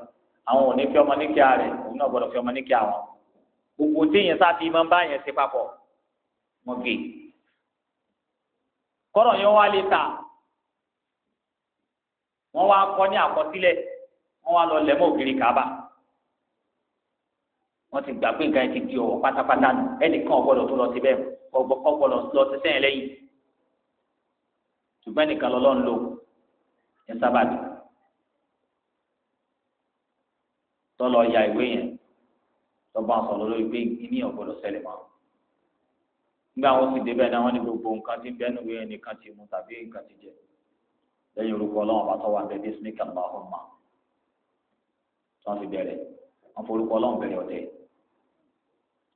àwọn ò ní fi ọmọ níkíá rẹ̀ òun náà gbọ́dọ̀ fi ọmọ níkíá wọn. gbogbo téèyàn sáfi máa ń bá yẹn ṣe papọ̀ wọn gè. kọ́rọ̀ yẹn wá lè ta wọ́n wá kọ́ ní àkọsílẹ̀ wọ́n wá lọ lẹ̀ ògiri Káàbà wọ́n ti gbàgbé nǹkan yẹn ti di ọ̀wọ́ pátápátá nù ẹnìkan ọ̀gbọ́dọ̀ tó lọ síbẹ̀ ọ̀gbọ́dọ̀ lọ sísẹ́ yẹn lẹ́yìn ṣùgbọ́n ẹnìkan lọ́lọ́run lò ní sábàbí tọ́lọ ya ìwé yẹn tọ́ba sọ̀rọ̀ lórí pé ìní ọ̀gbọ́dọ̀ ṣẹlẹ̀ mọ́ nígbà wọn sì débẹ̀ náà wọ́n ní gbogbo nǹkan ti bẹ́ẹ̀ níwèé nìkan ti mu tàbí nǹkan ti jẹ lẹ́yìn orúkọ ọlọ́run bá tọ́wọ́ abẹ́ bí sníkà bá ọ̀hún mọ́ tí wọ́n fi bẹ̀rẹ̀ wọ́n forúkọ ọlọ́run bẹ̀rẹ̀ ọ̀tẹ̀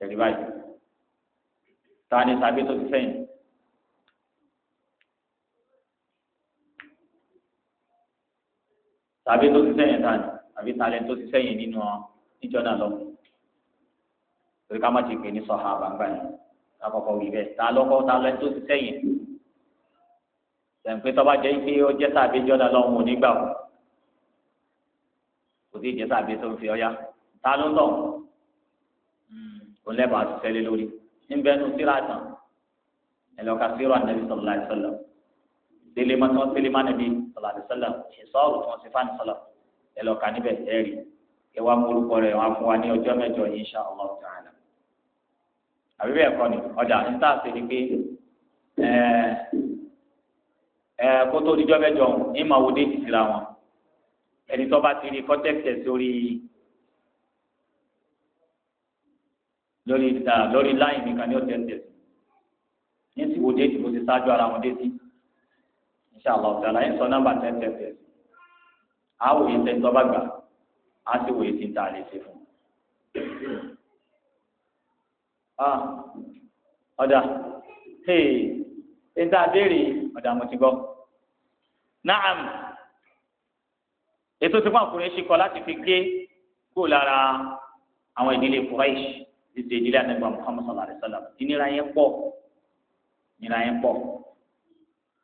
tẹ̀lé báyìí ta ni tàbí tó ti sẹ́yìn. tàbí tó ti sẹ́yìn ta ni àbí ta lẹ́ni tó ti sẹ́yìn nínú ọ níjọ náà lọ. torí ká má ti pè ní sọ̀hà àbàǹgbà yẹn àkọ́kọ́ wí bẹ́ẹ̀ ta lọ́kọ́ ta lẹ́ni tó ti sẹ́yìn. sẹ̀ǹpé tọ́ba jẹ́ pé ó jẹ́ tàbí jọ́dá lọ́hùn onígbà wò kò sí ìjẹ́ tàbí tó ń fi ọ ya ta ló ń lọ olẹ́bà àtúnṣẹ́lẹ̀ lórí níbẹ̀ nù síra tán ẹlọ́ka síra nàbí sọlá ìsọlá tẹlẹmọ tí wọn tẹlẹmọ nàbí sọlá ìsọlá ìsọrù tí wọn ti fani sọlá ẹlọ́ka níbẹ̀ ẹ̀rí ẹwà múlùkọ rẹ wà fún wa ní ọjọ́ mẹ́jọ yìí insha Allah ta'ala àbí bẹ́ẹ̀ kọ́ ni ọjà níta ṣe ni pé ẹ ẹ kótó oníjọ́ mẹ́jọ ìmọ̀ òde ti sira wọn ẹni tó bá ti rí kọ́tẹ́kítẹ̀ sórí. lórí ìdá lórí láyìn nìkan ní ọ̀tẹ̀ ẹ̀tẹ̀ ní ti wo déètì bó ti ṣáájú ara wọn déètì inṣàlá ọ̀tẹ̀ àlàyé sọ nọ́mbà tẹ́tẹ̀ ẹ̀tẹ̀ á wòye tẹ́tọ́ bá gbà á sì wòye ti ń ta àlè ṣe fún ọ̀dà ṣe ń ta béèrè ọ̀dà mo ti gbọ́ naam ètò tí wọn ṣe kọ láti fi gé kó lára àwọn ìdílé Quraish títí ìdílé àtẹgbà Muhammad sallallahu Alaihi wa sallam ìnira yẹn pọ̀ ìnira yẹn pọ̀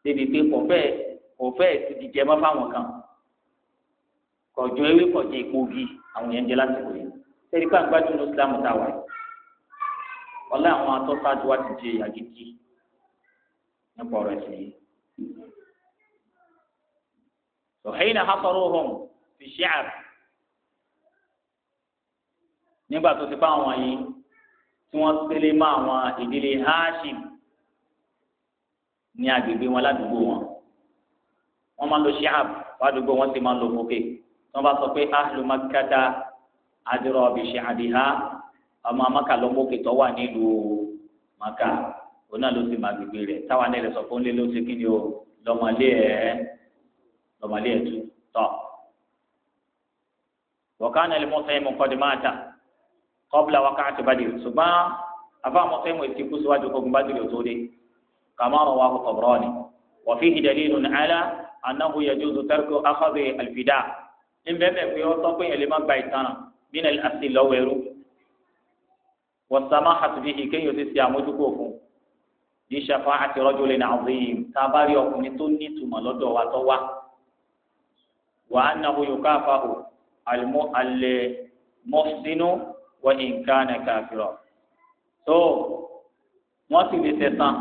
débi pé kò fẹ́ẹ̀ kò fẹ́ẹ̀ ti di jẹ mọ́ fáwọn kan kọjọ ewé kọjọ ìkógi àwọn yẹn jẹ lásìkò yẹn sẹ́ni àgbájú ní Islam ta wà yìí ọlá àwọn atọ́sájú wa ti jẹ àgídí nípa ọ̀rọ̀ ẹ̀sìn yìí. وحين حصروهم في الشعر nígbà tó ti bá yìí tí wọ́n tẹ́lẹ̀ mọ́ àwọn ìdílé Hashim ní agbègbè wọn ládùúgbò wọn wọ́n máa ń lo shihab ládùúgbò wọn sì máa ń lo mọ́kè wọ́n bá sọ pé ahlu makata adirọ bi shihabiha ọmọ amaka lọ mọ́kè tó wà nílùú maka òun náà ló sì máa gbègbè rẹ̀ táwọn ẹlẹ́ sọ fún lélẹ́ ṣe kí ni o lọ́mọlé ẹ̀ lọ́mọlé ẹ̀ tú tọ́ wọ́n ká nílùú máa ta kọ́bùlà wákàtí Badiri ṣùgbọ́n afáàmọ́ fẹ́ wọ́n ti kú síwájú kọ́gun Badiri tó dé kàmá ọ̀rọ̀ wa kò kọ̀ọ̀rọ̀ ni wà fi hìdẹ̀lì nù nàlá anáhu yajuzu tarku akhadhi alfida nbẹ bẹ pé ọtọ pé yẹn lè má gba ìtanà bí nà asi lọ́wọ́ ẹrú wọ́n sàmá hàtìbíhì kéèyàn ti ṣe àmójúkò fún ní ṣàfà àti rajulin azim tá a bá rí ọkùnrin tó ní ìtumọ̀ lọ́dọ̀ wa tó wá wà á nàhu yukafahu al muhsinu wọ́n ní nǹkan náà káfírọ̀ tó wọ́n sì lè tẹ̀sán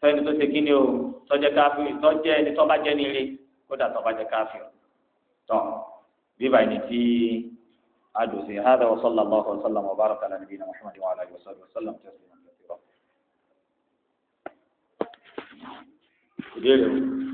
fẹ́ni tó ṣe kí ni o tọ́jẹ́ káfírì tọ́jẹ́ ẹni tọ́ba jẹ́ nílé kódà tọ́ba jẹ́ káfírì tọ́ bíbá ẹni tí a dùn sí hádà wa sallallahu wa sallam wa baraka ala nabiyina muhammad wa alayhi wa sallam wa sallam tẹ̀sán ìbéèrè o.